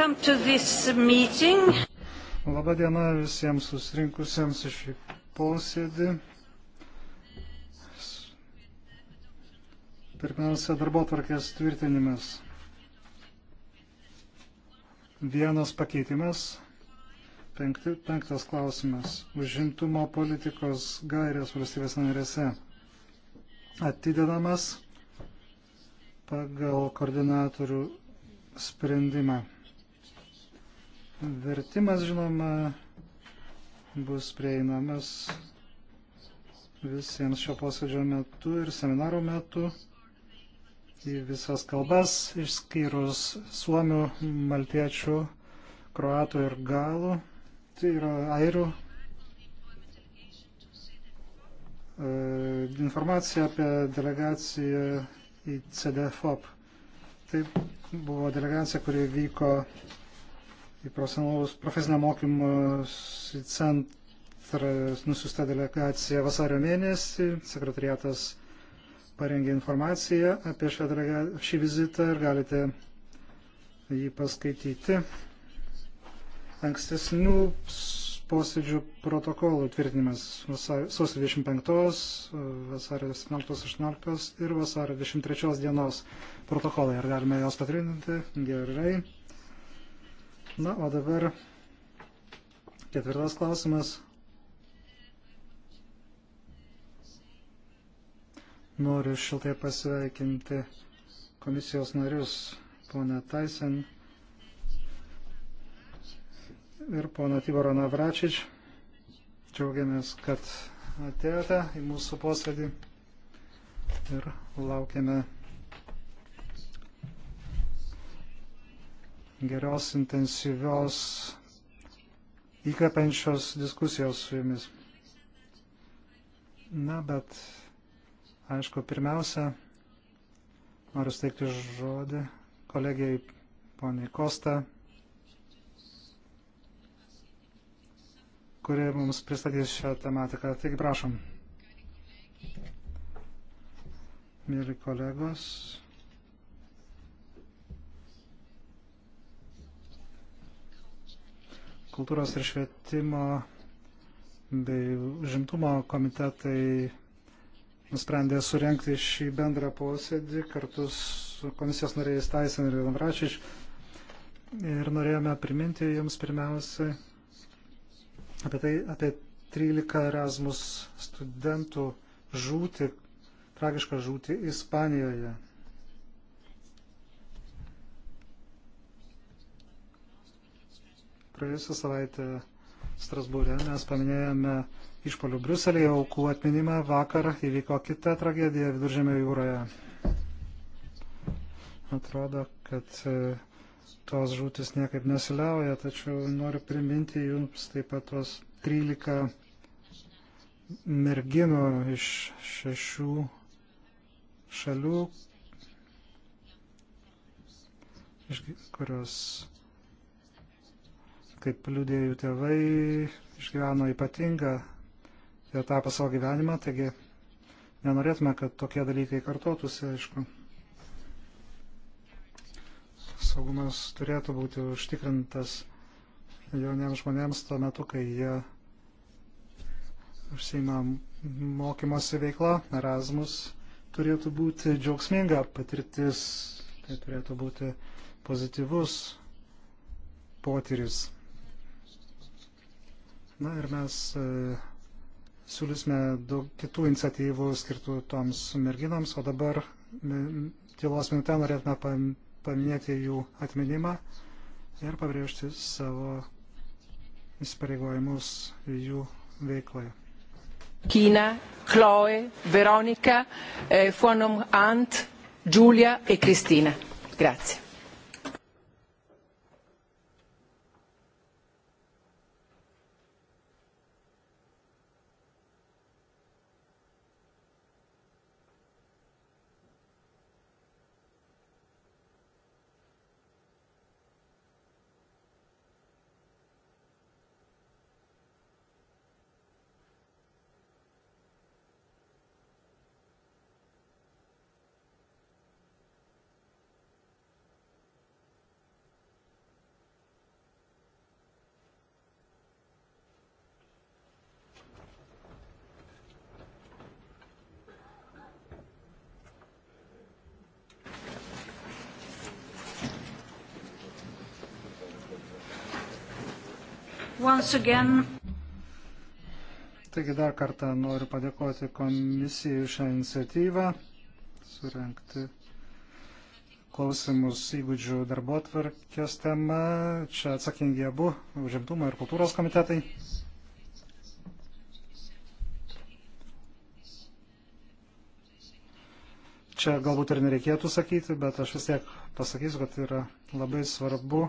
Welcome to this meeting. Labą dieną visiems susirinkusiems iš šį posėdį. Pirmiausia, darbo tvarkės tvirtinimas. Vienas pakeitimas. Penkti, penktas klausimas. Užimtumo politikos gairės valstybės narėse. Atidedamas pagal koordinatorių sprendimą. Vertimas, žinoma, bus prieinamas visiems šio posėdžio metu ir seminaro metu į visas kalbas, išskyrus suomių, maltiečių, kroatų ir galų, tai yra airių. E, informacija apie delegaciją į CDFOP. Tai buvo delegacija, kuri vyko į profesinę mokymą į centrą nusiusta delegacija vasario mėnesį. Sekretariatas parengė informaciją apie šią delega, šį vizitą ir galite jį paskaityti. Ankstesnių posėdžių protokolų tvirtinimas sausio 25, vasario 17-18 ir vasario 23 dienos protokolai. Ar galime juos patvirtinti? Gerai. Na, o dabar ketvirtas klausimas. Noriu šiltai pasveikinti komisijos narius, ponę Tyson ir poną Tiborą Navračič. Džiaugiamės, kad atėjote į mūsų posėdį ir laukiame geros, intensyvios, įkvepiančios diskusijos su jumis. Na, bet aišku, pirmiausia, noriu steikti žodį kolegijai poniai Kosta, kuri mums pristatys šią tematiką. Taigi prašom. Mėly kolegos, kultūros ir švietimo bei žimtumo komitetai nusprendė surenkti šį bendrą posėdį kartu su komisijos nariais Taisen ir Vilamračiš. Ir norėjome priminti jums pirmiausiai apie tai, apie 13 Erasmus studentų žūti, tragišką žūti Ispanijoje. Praėjusią savaitę Strasbūrė mes paminėjome išpolių Bruselėje aukų atminimą. Vakar įvyko kita tragedija Viduržėmio jūroje. Atrodo, kad e, tos žūtis niekaip nesiliauja, tačiau noriu priminti jums taip pat tos 13 merginų iš šešių šalių, iš kurios kaip liūdėjų tėvai, išgyveno ypatingą etapą savo gyvenimą, taigi nenorėtume, kad tokie dalykai kartotųsi, aišku. Saugumas turėtų būti užtikrintas jauniems žmonėms tuo metu, kai jie užsima mokymosi veikla, Erasmus turėtų būti džiaugsminga patirtis, tai turėtų būti pozityvus potyris. Na ir mes e, siūlysime daug kitų iniciatyvų skirtų toms merginoms, o dabar tylos minutę norėtume paminėti jų atminimą ir pabrėžti savo įsipareigojimus jų veikloje. Kina, Chloe, Veronika, e, Fuonom Ant, Giulia e Kristina. Grazie. again... Taigi dar kartą noriu padėkoti komisijai šią iniciatyvą surenkti klausimus įgūdžių darbo tvarkės tema. Čia atsakingi abu užimtumo ir kultūros komitetai. Čia galbūt ir nereikėtų sakyti, bet aš vis tiek pasakysiu, kad yra labai svarbu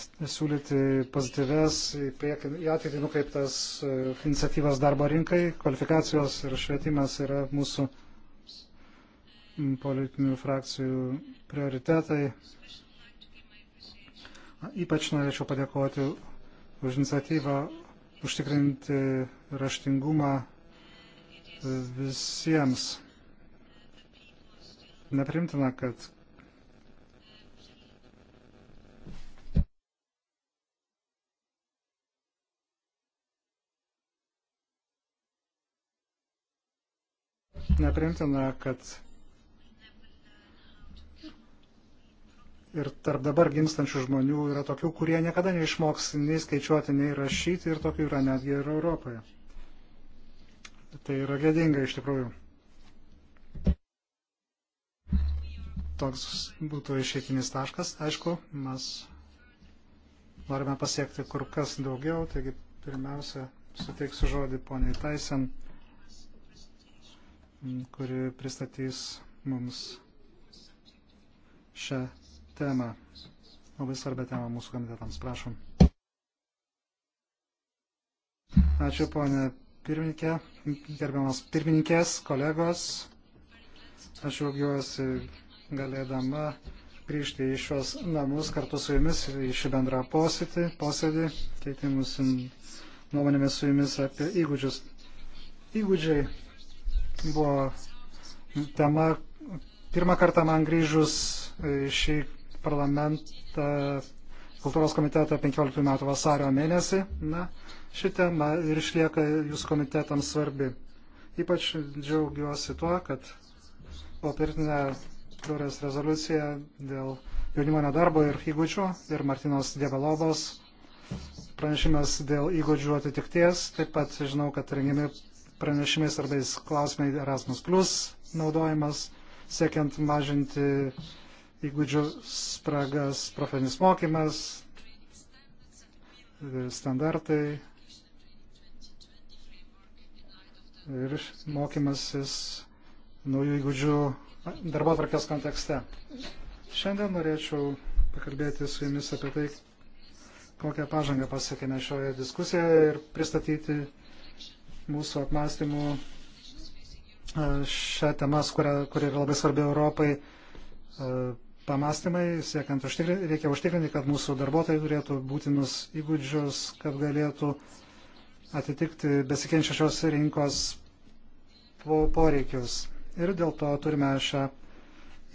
siūlyti pozityves į, priekį, į ateitį nukreiptas e, iniciatyvas darbo rinkai. Kvalifikacijos ir švietimas yra mūsų politinių frakcijų prioritetai. Ypač norėčiau padėkoti už iniciatyvą užtikrinti raštingumą e, visiems. Neprimtina, kad neprimtina, kad ir tarp dabar gimstančių žmonių yra tokių, kurie niekada neišmoks nei skaičiuoti, nei rašyti ir tokių yra netgi ir Europoje. Tai yra gėdinga iš tikrųjų. Toks būtų išeitinis taškas, aišku, mes norime pasiekti kur kas daugiau, taigi pirmiausia suteiksiu žodį poniai Taisen kuri pristatys mums šią temą. Labai svarbią temą mūsų komitetams. Prašom. Ačiū, ponė pirmininkė, gerbiamas pirmininkės, kolegos. Aš džiaugiuosi galėdama grįžti į šios namus kartu su jumis, į šį bendrą posėdį, posėdį keitimus nuomonėmis su jumis apie įgūdžius. Įgūdžiai buvo tema, pirmą kartą man grįžus šį parlamentą, kultūros komitetą 15 metų vasario mėnesį. Na, ši tema ir išlieka jūsų komitetams svarbi. Ypač džiaugiuosi tuo, kad popirinė turės rezoliucija dėl jaunimo nedarbo ir įgūdžių ir Martinos Dievelobos pranešimas dėl įgūdžių atitikties. Taip pat žinau, kad rengiami pranešimais svarbiais klausimai Erasmus Plus naudojimas, siekiant mažinti įgūdžių spragas, profesinis mokymas, standartai ir mokymasis naujų įgūdžių darbo tvarkės kontekste. Šiandien norėčiau pakalbėti su jumis apie tai, kokią pažangą pasiekėme šioje diskusijoje ir pristatyti mūsų apmąstymų e, šią temą, kuri, kuri yra labai svarbi Europai, e, pamastymai, siekiant užtikrinti, reikia užtikrinti, kad mūsų darbuotojai turėtų būtinus įgūdžius, kad galėtų atitikti besikenčiačios rinkos poreikius. Ir dėl to turime šią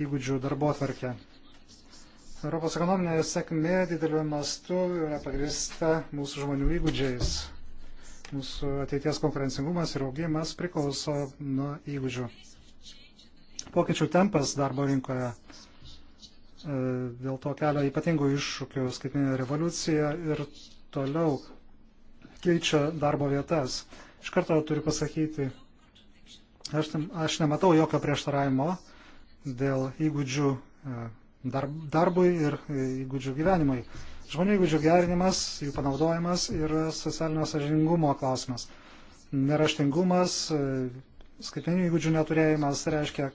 įgūdžių darbo atvarkę. Europos ekonominė sėkmė dideliu mastu yra pagrįsta mūsų žmonių įgūdžiais mūsų ateities konkurencingumas ir augimas priklauso nuo įgūdžių. Pokyčių tempas darbo rinkoje e, dėl to kelia ypatingų iššūkių skaitminė revoliucija ir toliau keičia darbo vietas. Iš karto turiu pasakyti, aš, aš nematau jokio prieštaravimo dėl įgūdžių e, darbui ir e, įgūdžių gyvenimui. Žmonių įgūdžių gerinimas, jų panaudojimas yra socialinio sažiningumo klausimas. Neraštingumas, skaitmeninių įgūdžių neturėjimas reiškia,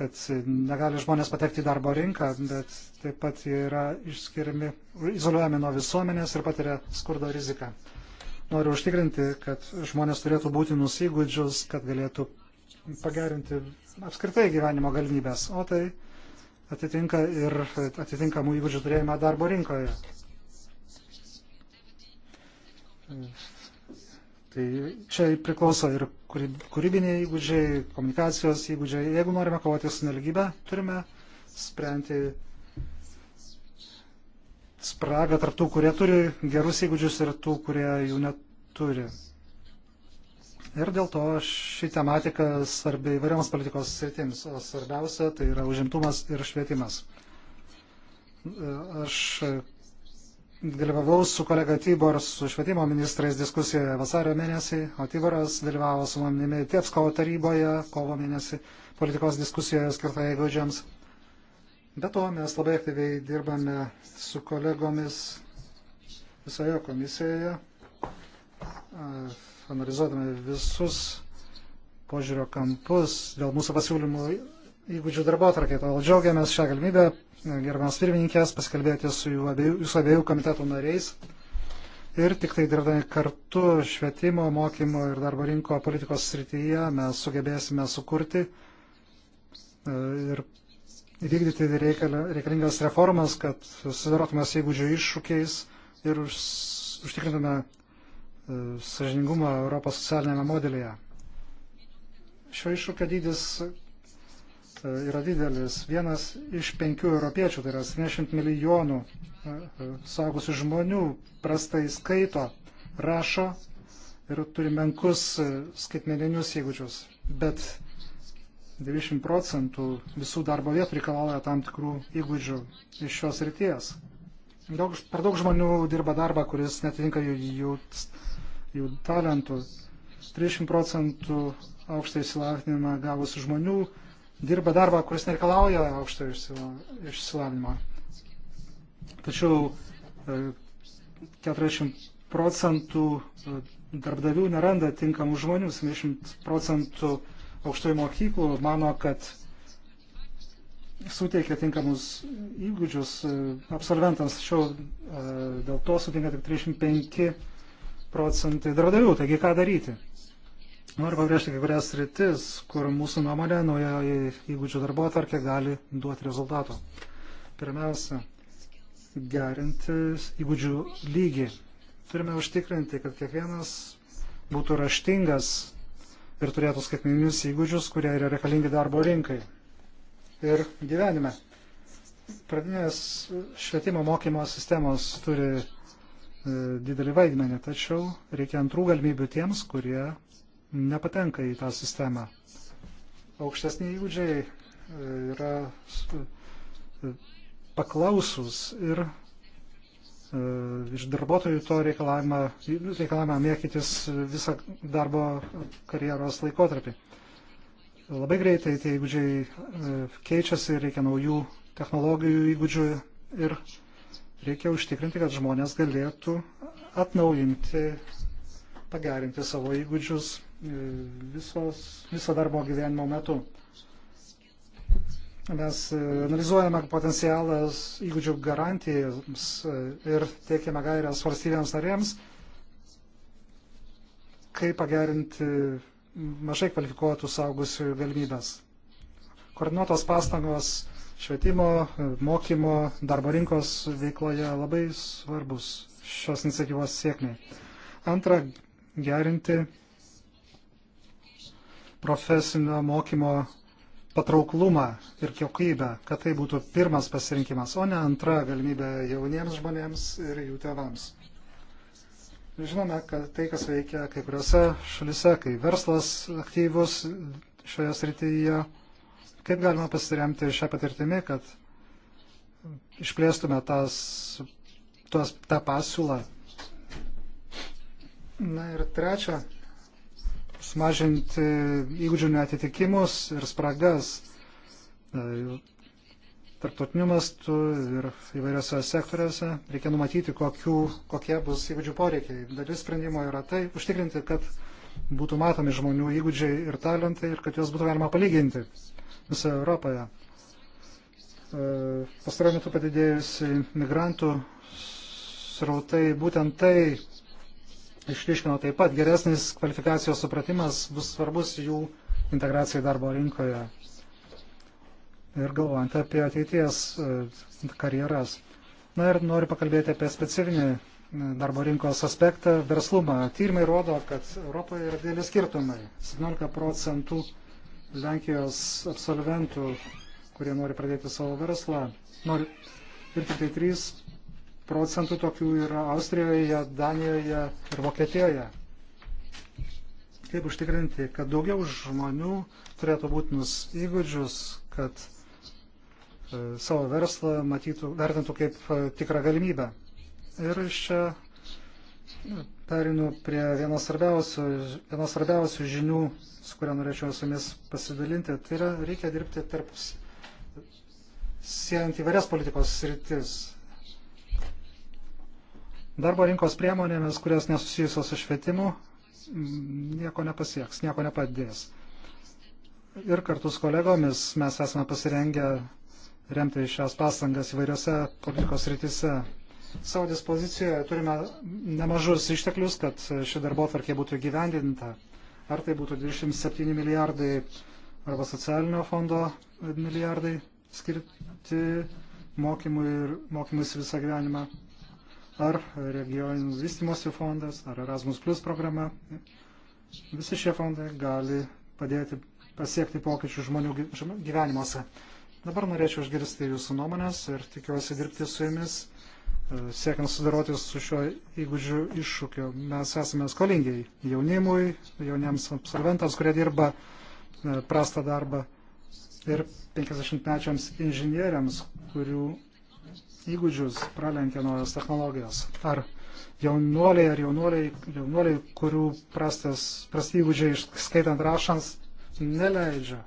kad negali žmonės patekti į darbo rinką, bet taip pat jie yra išskiriami, izoliuojami nuo visuomenės ir patiria skurdo riziką. Noriu užtikrinti, kad žmonės turėtų būtinus įgūdžius, kad galėtų pagerinti apskritai gyvenimo galimybės, o tai atitinka ir atitinkamų įgūdžių turėjimą darbo rinkoje. Tai čia priklauso ir kūrybiniai įgūdžiai, komunikacijos įgūdžiai. Jeigu norime kovoti su neligybė, turime sprendti spragą tarp tų, kurie turi gerus įgūdžius ir tų, kurie jų neturi. Ir dėl to ši tematika svarbi įvairioms politikos sritims, o svarbiausia tai yra užimtumas ir švietimas. Aš dalyvavau su kolega Tibor, su švietimo ministrais diskusijoje vasario mėnesį, o Tiboras dalyvavo su manimi Tiepsko taryboje kovo mėnesį politikos diskusijoje skirtoje įgūdžiams. Be to, mes labai aktyviai dirbame su kolegomis visoje komisijoje, analizuodami visus požiūrio kampus dėl mūsų pasiūlymų įgūdžių darbo atrakėto. Džiaugiamės šią galimybę gerbiamas pirmininkės, pasikalbėti su abiejų, jūsų abiejų komitetų nariais. Ir tik tai dirbdami kartu švietimo, mokymo ir darbo rinko politikos srityje mes sugebėsime sukurti e, ir įvykdyti reikalingas reformas, kad susidarotume su įgūdžių iššūkiais ir už, užtikrintume e, sažiningumą Europos socialinėme modelėje. Šio iššūkio dydis E, yra didelis. Vienas iš penkių europiečių, tai yra 70 milijonų e, e, saugusių žmonių, prastai skaito, rašo ir turi menkus skaitmeninius įgūdžius. Bet 90 procentų visų darbo vietų reikalauja tam tikrų įgūdžių iš šios ryties. Daug, per daug žmonių dirba darbą, kuris netitinka jų, jų, jų talentų. 30 procentų aukštą įsilavinimą gavusių žmonių dirba darbą, kuris nereikalauja aukšto išsilavinimo. Tačiau 40 e, procentų e, darbdavių neranda tinkamų žmonių, 70 procentų aukštojų mokyklų mano, kad suteikia tinkamus įgūdžius e, absolventams, tačiau dėl to sutinka tik 35 procentai darbdavių. Taigi ką daryti? Noriu pabrėžti kai kurias rytis, kur mūsų nuomonė naujoji įgūdžių darbo atvarkė gali duoti rezultatų. Pirmiausia, gerinti įgūdžių lygį. Turime užtikrinti, kad kiekvienas būtų raštingas ir turėtų skaitmeninius įgūdžius, kurie yra reikalingi darbo rinkai ir gyvenime. Pradinės švietimo mokymo sistemos turi e, didelį vaidmenį, tačiau reikia antrų galimybių tiems, kurie nepatenka į tą sistemą. Aukštesniai įgūdžiai e, yra e, paklausus ir e, iš darbuotojų to reikalavimą, reikalavimą mėkytis visą darbo karjeros laikotarpį. Labai greitai tie įgūdžiai keičiasi, reikia naujų technologijų įgūdžių ir reikia užtikrinti, kad žmonės galėtų atnaujinti, pagerinti savo įgūdžius visos, viso darbo gyvenimo metu. Mes e, analizuojame potencialas įgūdžių garantijams e, ir teikiame gairias valstybėms narėms, kaip pagerinti mažai kvalifikuotų saugusių galimybės. Koordinuotos pastangos švietimo, mokymo, darbo rinkos veikloje labai svarbus šios iniciatyvos sėkmiai. Antra, gerinti profesinio mokymo patrauklumą ir kiekybę, kad tai būtų pirmas pasirinkimas, o ne antra galimybė jauniems žmonėms ir jų tėvams. Žinome, kad tai, kas veikia kai kuriuose šalise, kai verslas aktyvus šioje srityje, kaip galima pasiremti šią patirtimį, kad išplėstume tas, tuos, tą pasiūlą. Na ir trečia, sumažinti e, įgūdžių netitikimus ir spragas e, tarptautiniu mastu ir įvairiose sektoriuose. Reikia numatyti, kokių, kokie bus įgūdžių poreikiai. Dalis sprendimo yra tai, užtikrinti, kad būtų matomi žmonių įgūdžiai ir talentai ir kad juos būtų galima palyginti visoje Europoje. E, pastaruoju metu padidėjusi migrantų srautai, būtent tai išryškino taip pat, geresnis kvalifikacijos supratimas bus svarbus jų integracijai darbo rinkoje ir galvojant apie ateities e, karjeras. Na ir noriu pakalbėti apie specifinį e, darbo rinkos aspektą - verslumą. Tyrimai rodo, kad Europoje yra dėlis skirtumai. 17 procentų Lenkijos absolventų, kurie nori pradėti savo verslą, nori ir tik tai 3 procentų tokių yra Austrijoje, Danijoje ir Vokietijoje. Kaip užtikrinti, kad daugiau žmonių turėtų būtinus įgūdžius, kad e, savo verslą matytų, vertintų kaip e, tikrą galimybę. Ir iš čia e, perinu prie vienos svarbiausių, vienos svarbiausių žinių, su kuria norėčiau su jumis pasidalinti. Tai yra, reikia dirbti tarp siejant įvairias politikos sritis. Darbo rinkos priemonėmis, kurios nesusijusios su švietimu, nieko nepasieks, nieko nepadės. Ir kartu su kolegomis mes esame pasirengę remti šias pastangas įvairiose politikos rytise. Savo dispozicijoje turime nemažus išteklius, kad ši darbo tvarkė būtų gyvendinta. Ar tai būtų 27 milijardai arba socialinio fondo milijardai skirti mokymui ir mokymus visą gyvenimą ar regioninių vystimosi fondas, ar Erasmus Plus programa. Visi šie fondai gali padėti pasiekti pokyčių žmonių gyvenimuose. Dabar norėčiau išgirsti jūsų nuomonės ir tikiuosi dirbti su jumis, e, siekiant sudaroti su šiuo įgūdžiu iššūkiu. Mes esame skolingiai jaunimui, jauniems absolventams, kurie dirba e, prastą darbą ir 50-mečiams inžinieriams, kurių įgūdžius pralenkia naujos technologijos. Ar jaunuoliai, ar jaunuoliai, jaunuoliai kurių prastas, prasti įgūdžiai, skaitant rašans, neleidžia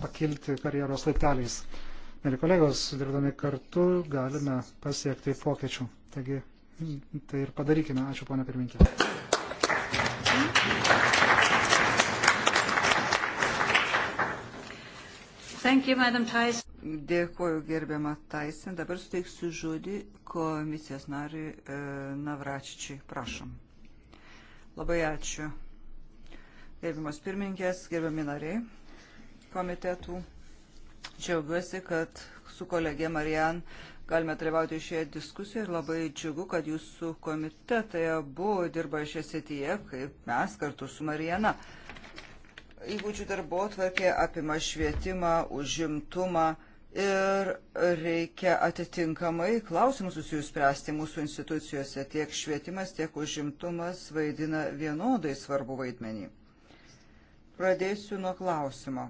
pakilti karjeros laipteliais. Mėly kolegos, dirbdami kartu galime pasiekti pokyčių. Taigi, tai ir padarykime. Ačiū, ponia pirminkė. Thank you. You, Dėkuoju gerbiamą Taisin. Dabar suteiksiu žodį komisijos nariui e, Navračičiui. Prašom. Labai ačiū. Gerbiamas pirmininkės, gerbiami nariai komitetų. Džiaugiuosi, kad su kolegė Marijan galime dalyvauti šioje diskusijoje ir labai džiugu, kad jūsų komitetai abu dirba šią srityje, kaip mes kartu su Marijana. E, įgūdžių darbo tvarkė apima švietimą, užimtumą ir reikia atitinkamai klausimus susijus spręsti mūsų institucijose. Tiek švietimas, tiek užimtumas vaidina vienodai svarbu vaidmenį. Pradėsiu nuo klausimo.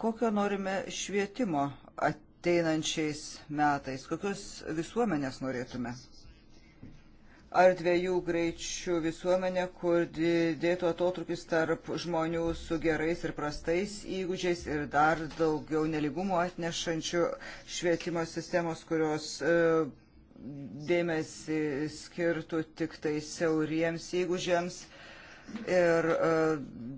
Kokio norime švietimo ateinančiais metais? Kokios visuomenės norėtume? ar dviejų greičių visuomenė, kur didėtų atotrukis tarp žmonių su gerais ir prastais įgūdžiais ir dar daugiau neligumų atnešančių švietimo sistemos, kurios e, dėmesį skirtų tik tai siauriems įgūdžiams ir e,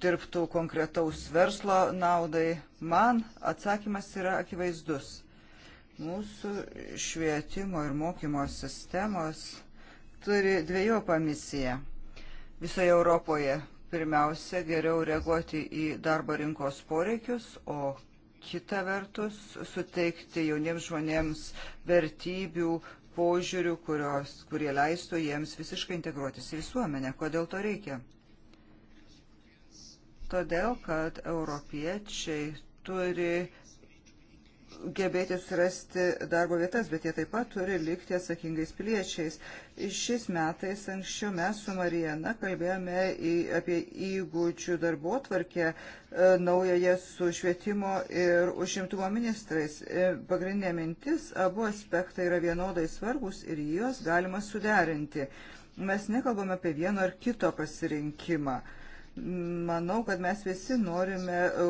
dirbtų konkretaus verslo naudai. Man atsakymas yra akivaizdus. Mūsų švietimo ir mokymo sistemos turi dviejopą misiją visoje Europoje. Pirmiausia, geriau reaguoti į darbo rinkos poreikius, o kita vertus suteikti jauniems žmonėms vertybių, požiūrių, kurios, kurie leistų jiems visiškai integruotis į visuomenę. Kodėl to reikia? Todėl, kad europiečiai turi gebėti surasti darbo vietas, bet jie taip pat turi likti atsakingais piliečiais. Šiais metais anksčiau mes su Marijana kalbėjome į, apie įgūdžių darbo tvarkę e, naujoje su švietimo ir užimtumo ministrais. E, pagrindinė mintis, abu aspektai yra vienodai svarbus ir juos galima suderinti. Mes nekalbame apie vieno ar kito pasirinkimą. E, Manau, kad mes visi norime e,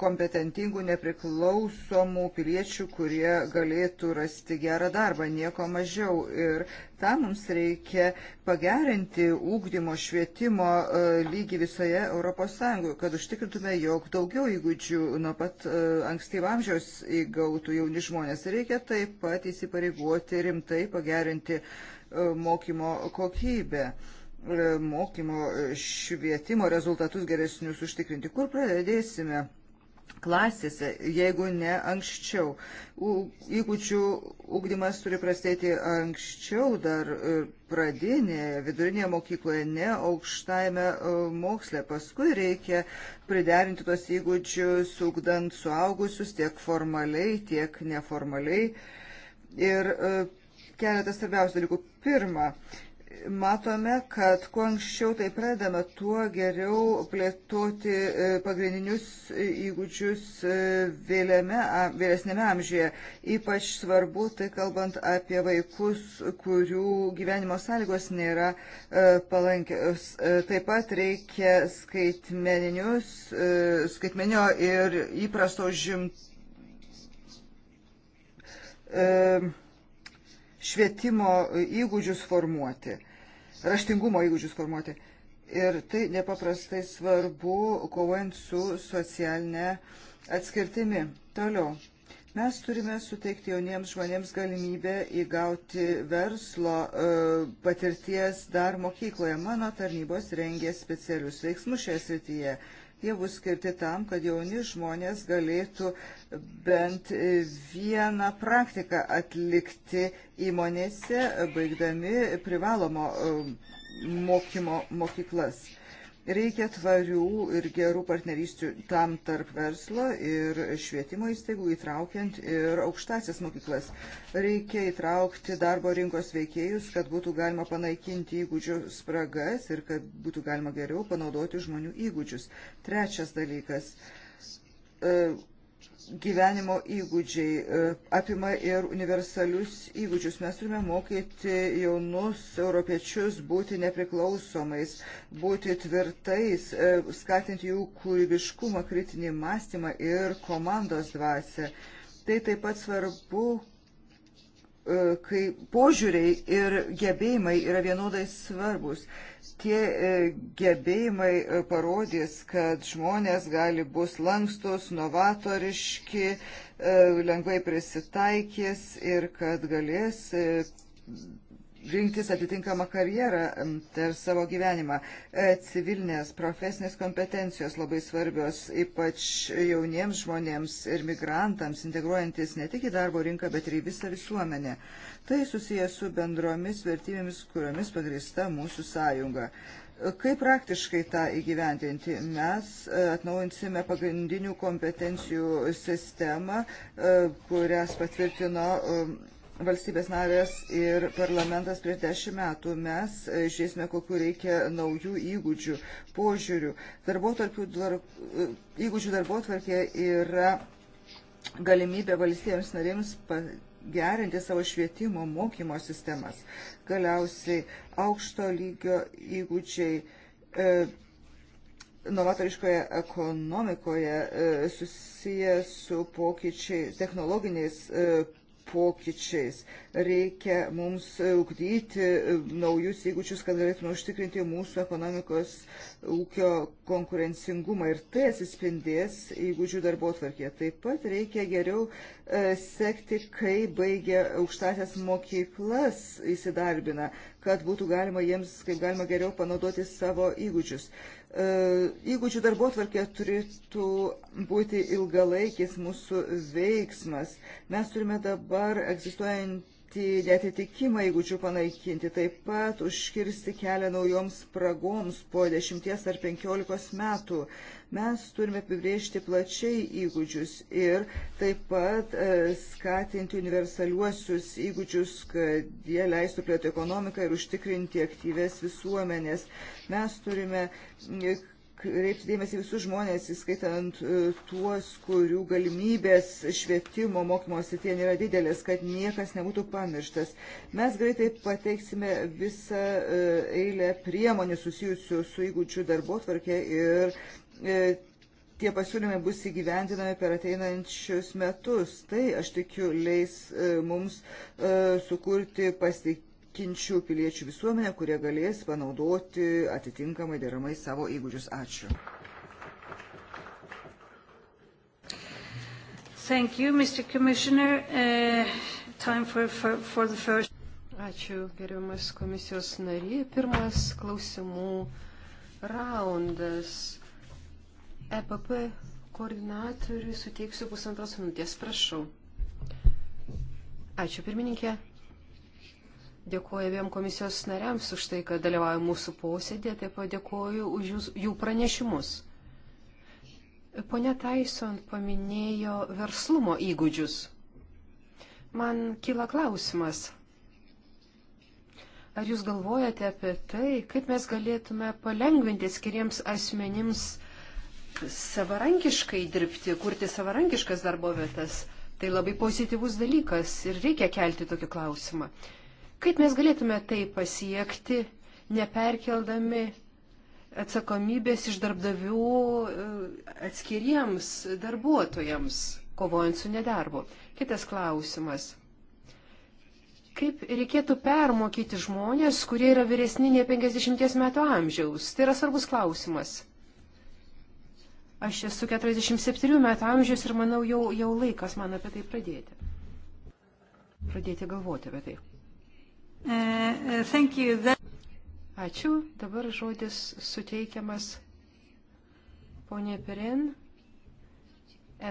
kompetentingų, nepriklausomų piliečių, kurie galėtų rasti gerą darbą, nieko mažiau. Ir tam mums reikia pagerinti ūkdymo švietimo e, lygį visoje ES, kad užtikrintume, jog daugiau įgūdžių nuo pat e, ankstyvo amžiaus įgautų jauni žmonės. Reikia taip pat įsipareigoti rimtai pagerinti mokymo kokybę. E, mokymo, e, švietimo rezultatus geresnius užtikrinti. Kur pradėsime? klasėse, jeigu ne anksčiau. Įgūdžių ugdymas turi prastėti anksčiau, dar e, pradinėje, vidurinėje mokykloje, ne aukštajame moksle. Paskui reikia priderinti tos įgūdžius, ugdant suaugusius tiek formaliai, tiek neformaliai. Ir keletas svarbiausių dalykų. Pirma, matome, kad kuo anksčiau tai pradame, tuo geriau plėtoti e, pagrindinius e, įgūdžius e, vėliame, vėlesnėme amžiuje. Ypač svarbu, tai kalbant apie vaikus, kurių gyvenimo sąlygos nėra palankios. Taip pat reikia skaitmeninius, skaitmenio ir įprasto žimtų švietimo įgūdžius formuoti raštingumo įgūdžius formuoti. Ir tai nepaprastai svarbu, kovojant su socialinė atskirtimi. Toliau. Mes turime suteikti jauniems žmonėms galimybę įgauti verslo e, patirties dar mokykloje. Mano tarnybos rengė specialius veiksmus šioje srityje. Jie bus skirti tam, kad jauni žmonės galėtų bent vieną praktiką atlikti įmonėse, baigdami privalomo e, mokymo mokyklas. Reikia tvarių ir gerų partnerysčių tam tarp verslo ir švietimo įstaigų, įtraukiant ir aukštasias mokyklas. Reikia įtraukti darbo rinkos veikėjus, kad būtų galima panaikinti įgūdžių spragas ir kad būtų galima geriau panaudoti žmonių įgūdžius. Trečias dalykas e, gyvenimo įgūdžiai e, apima ir universalius įgūdžius. Mes turime mokyti jaunus europiečius būti nepriklausomais, būti tvirtais, e, skatinti jų kūrybiškumą, kritinį mąstymą ir komandos dvasę. Tai taip pat svarbu, E, kai požiūriai ir gebėjimai yra vienodai svarbus. Tie e, gebėjimai e, parodys, kad žmonės gali bus lankstus, novatoriški, lengvai prisitaikys ir kad galės rinktis atitinkamą karjerą per savo gyvenimą. E, civilinės, profesinės kompetencijos labai svarbios, ypač jauniems žmonėms ir migrantams, integruojantis ne tik į darbo rinką, bet ir į visą visuomenę. Tai susijęs su bendromis vertybėmis, kuriomis pagrįsta mūsų sąjunga. Kaip praktiškai tą įgyvendinti? Mes e, atnaujinsime pagrindinių kompetencijų sistemą, e, kurias patvirtino valstybės narės ir parlamentas prieš dešimt metų. Mes e, žiūrėsime, kokiu reikia naujų įgūdžių, požiūrių. Dar, e, įgūdžių darbo tvarkė yra galimybė valstybėms narėms gerinti savo švietimo mokymo sistemas. Galiausiai aukšto lygio įgūdžiai. E, novatoriškoje ekonomikoje e, susiję su pokyčiai, technologiniais pokyčiais. Reikia mums ugdyti e, naujus įgūdžius, kad galėtume užtikrinti mūsų ekonomikos ūkio konkurencingumą ir tai atsispindės įgūdžių darbo atvarkė. Taip pat reikia geriau E, sekti, kai baigia aukštasias mokyklas įsidarbina, kad būtų galima jiems kaip galima geriau panaudoti savo įgūdžius. E, įgūdžių darbo tvarkė turėtų būti ilgalaikis mūsų veiksmas. Mes turime dabar egzistuojantį netitikimą įgūdžių panaikinti, taip pat užkirsti kelią naujoms spragoms po dešimties ar penkiolikos metų. Mes turime apibriežti plačiai įgūdžius ir taip pat e, skatinti universaliuosius įgūdžius, kad jie leistų plėti ekonomiką ir užtikrinti aktyves visuomenės. Mes turime kreipti dėmesį visus žmonės, įskaitant e, tuos, kurių galimybės švietimo mokymo srityje nėra didelės, kad niekas nebūtų pamirštas. Mes greitai pateiksime visą e, eilę priemonių susijusių su įgūdžių darbo tvarkė ir E, tie pasiūlymai bus įgyvendinami per ateinančius metus. Tai, aš tikiu, leis e, mums e, sukurti pasitikinčių piliečių visuomenę, kurie galės panaudoti atitinkamai deramai savo įgūdžius. Ačiū. Thank you, Mr. Commissioner. Uh, time for, for, for the first. Ačiū, gerbiamas komisijos nariai. Pirmas klausimų raundas. EPP koordinatoriui suteiksiu pusantros minutės. Prašau. Ačiū pirmininkė. Dėkuoju abiem komisijos nariams už tai, kad dalyvauja mūsų posėdė, taip pat dėkuoju už jūs, jų pranešimus. Pone Tyson paminėjo verslumo įgūdžius. Man kyla klausimas, ar jūs galvojate apie tai, kaip mes galėtume palengvinti skiriems asmenims savarankiškai dirbti, kurti savarankiškas darbo vietas. Tai labai pozityvus dalykas ir reikia kelti tokį klausimą. Kaip mes galėtume tai pasiekti, neperkeldami atsakomybės iš darbdavių e, atskiriems darbuotojams, kovojant su nedarbu? Kitas klausimas. Kaip reikėtų permokyti žmonės, kurie yra vyresni nei 50 metų amžiaus? Tai yra svarbus klausimas. Aš esu 47 metų amžius ir manau, jau, jau laikas man apie tai pradėti. Pradėti galvoti apie tai. Uh, uh, Ačiū. Dabar žodis suteikiamas ponė Pirin,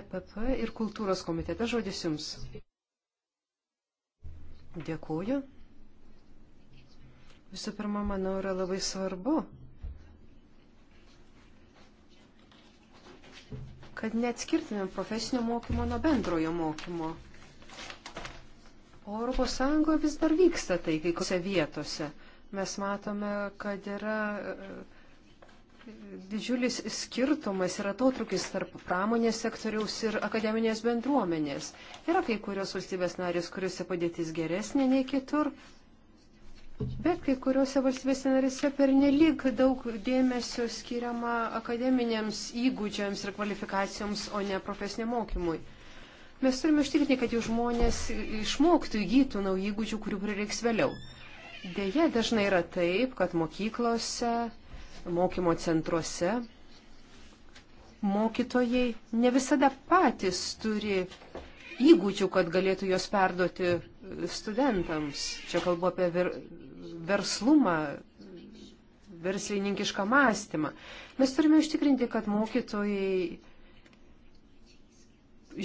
EPP ir kultūros komitetas. Žodis jums. Dėkuoju. Visų pirma, manau, yra labai svarbu kad neatskirtumėm profesinio mokymo nuo bendrojo mokymo. O Europos Sąjungoje vis dar vyksta tai kai kuriuose vietose. Mes matome, kad yra e, didžiulis skirtumas ir atotrukis tarp pramonės sektoriaus ir akademinės bendruomenės. Yra kai kurios valstybės narės, kuriuose padėtis geresnė nei kitur, Bet kai kuriuose valstybėse narėse pernelyg daug dėmesio skiriama akademiniams įgūdžiams ir kvalifikacijoms, o ne profesiniam mokymui. Mes turime užtikrinti, kad jų žmonės išmoktų įgytų naujų įgūdžių, kurių prireiks vėliau. Deja, dažnai yra taip, kad mokyklose, mokymo centruose mokytojai ne visada patys turi įgūdžių, kad galėtų juos perduoti studentams. Čia kalbu apie vir verslumą, verslininkišką mąstymą. Mes turime užtikrinti, kad mokytojai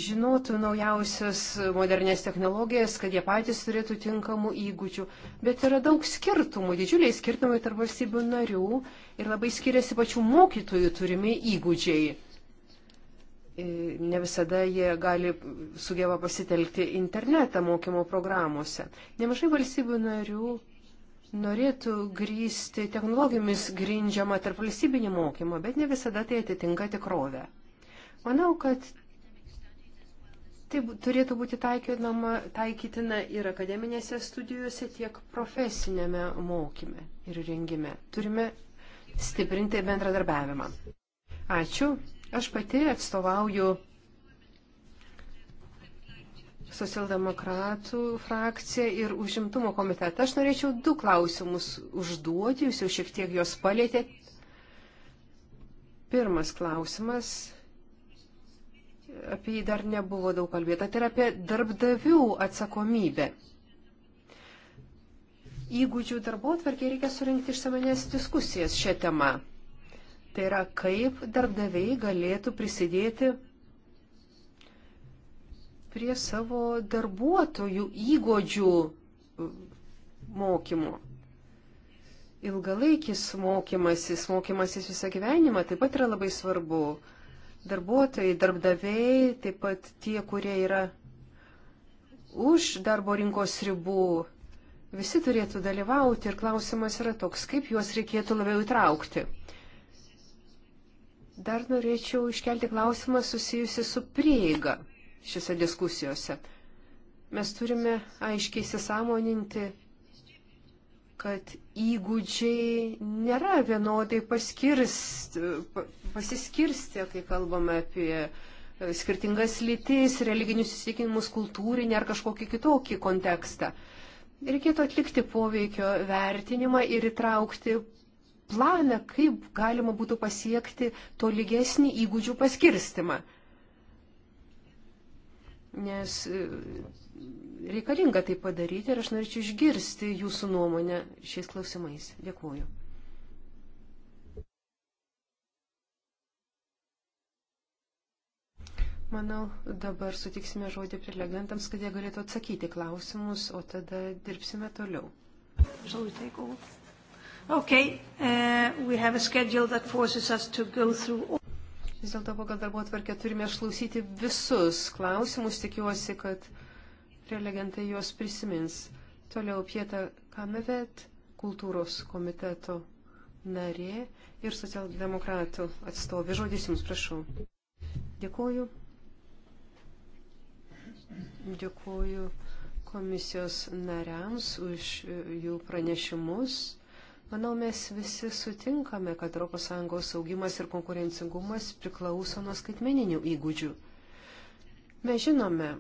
žinotų naujausias modernės technologijas, kad jie patys turėtų tinkamų įgūdžių. Bet yra daug skirtumų, didžiuliai skirtumai tarp valstybių narių ir labai skiriasi pačių mokytojų turimi įgūdžiai. E, ne visada jie gali sugeba pasitelkti internetą mokymo programuose. Nemažai valstybių narių norėtų grįsti technologijomis grindžiamą tarp valstybinį mokymą, bet ne visada tai atitinka tikrovę. Manau, kad tai turėtų būti taikinama, taikytina ir akademinėse studijose, tiek profesinėme mokyme ir rengime. Turime stiprinti bendradarbiavimą. Ačiū. Aš pati atstovauju socialdemokratų frakcija ir užimtumo komitetą. Aš norėčiau du klausimus užduoti, jūs jau šiek tiek juos palėtėt. Pirmas klausimas, apie jį dar nebuvo daug kalbėta, tai yra apie darbdavių atsakomybę. Įgūdžių darbo atvarkiai reikia surinkti išsamenės diskusijas šią temą. Tai yra, kaip darbdaviai galėtų prisidėti prie savo darbuotojų įgūdžių mokymo. Ilgalaikis mokymasis, mokymasis visą gyvenimą taip pat yra labai svarbu. Darbuotojai, darbdaviai, taip pat tie, kurie yra už darbo rinkos ribų, visi turėtų dalyvauti ir klausimas yra toks, kaip juos reikėtų labiau įtraukti. Dar norėčiau iškelti klausimą susijusi su prieiga šiuose diskusijose. Mes turime aiškiai įsisamoninti, kad įgūdžiai nėra vienodai pasiskirstę, kai kalbame apie e, skirtingas lytis, religinius įsitikinimus, kultūrinį ar kažkokį kitokį kontekstą. Reikėtų atlikti poveikio vertinimą ir įtraukti planą, kaip galima būtų pasiekti to lygesnį įgūdžių paskirstimą nes e, reikalinga tai padaryti ir aš norėčiau išgirsti jūsų nuomonę šiais klausimais. Dėkuoju. Manau, dabar sutiksime žodį prelegentams, kad jie galėtų atsakyti klausimus, o tada dirbsime toliau. Okay. Uh, Vis dėlto pagal darbo atvarkę turime išklausyti visus klausimus, tikiuosi, kad prelegentai juos prisimins. Toliau Pieta Kamevet, kultūros komiteto narė ir socialdemokratų atstovė. Žodis jums prašau. Dėkuoju. Dėkuoju komisijos nariams už jų pranešimus. Manau, mes visi sutinkame, kad ES augimas ir konkurencingumas priklauso nuo skaitmeninių įgūdžių. Mes žinome,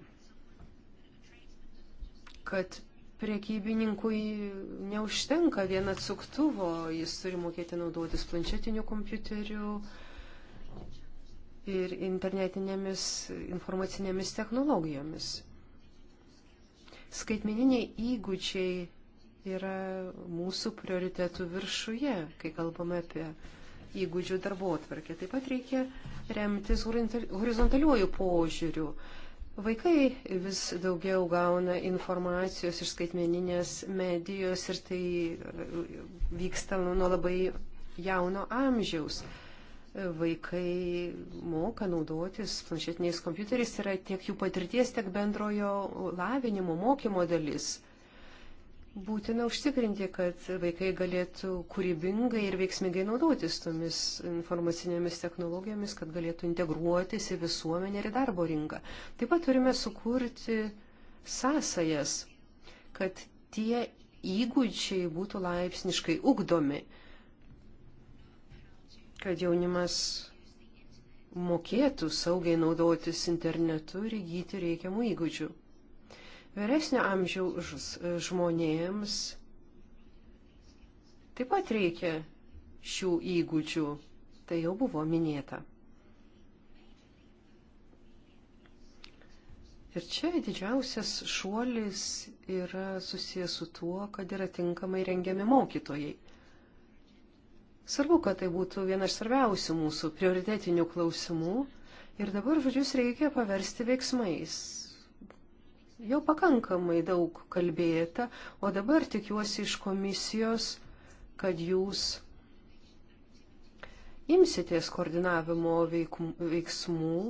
kad priekybininkui neužtenka vien atsuktuvo, jis turi mokėti naudotis planšetiniu kompiuteriu ir internetinėmis informacinėmis technologijomis. Skaitmeniniai įgūdžiai yra mūsų prioritetų viršuje, kai kalbame apie įgūdžių darbo atvarkę. Taip pat reikia remtis horizontaliuoju požiūriu. Vaikai vis daugiau gauna informacijos iš skaitmeninės medijos ir tai vyksta nuo labai jauno amžiaus. Vaikai moka naudotis planšetiniais kompiuteriais, yra tiek jų patirties, tiek bendrojo lavinimo, mokymo dalis. Būtina užtikrinti, kad vaikai galėtų kūrybingai ir veiksmingai naudotis tomis informacinėmis technologijomis, kad galėtų integruotis į visuomenę ir į darbo rinką. Taip pat turime sukurti sąsajas, kad tie įgūdžiai būtų laipsniškai ugdomi, kad jaunimas mokėtų saugiai naudotis internetu ir įgyti reikiamų įgūdžių vyresnio amžiaus žmonėms taip pat reikia šių įgūdžių. Tai jau buvo minėta. Ir čia didžiausias šuolis yra susijęs su tuo, kad yra tinkamai rengiami mokytojai. Svarbu, kad tai būtų vienas svarbiausių mūsų prioritetinių klausimų ir dabar žodžius reikia paversti veiksmais. Jau pakankamai daug kalbėta, o dabar tikiuosi iš komisijos, kad jūs imsitės koordinavimo veiksmų.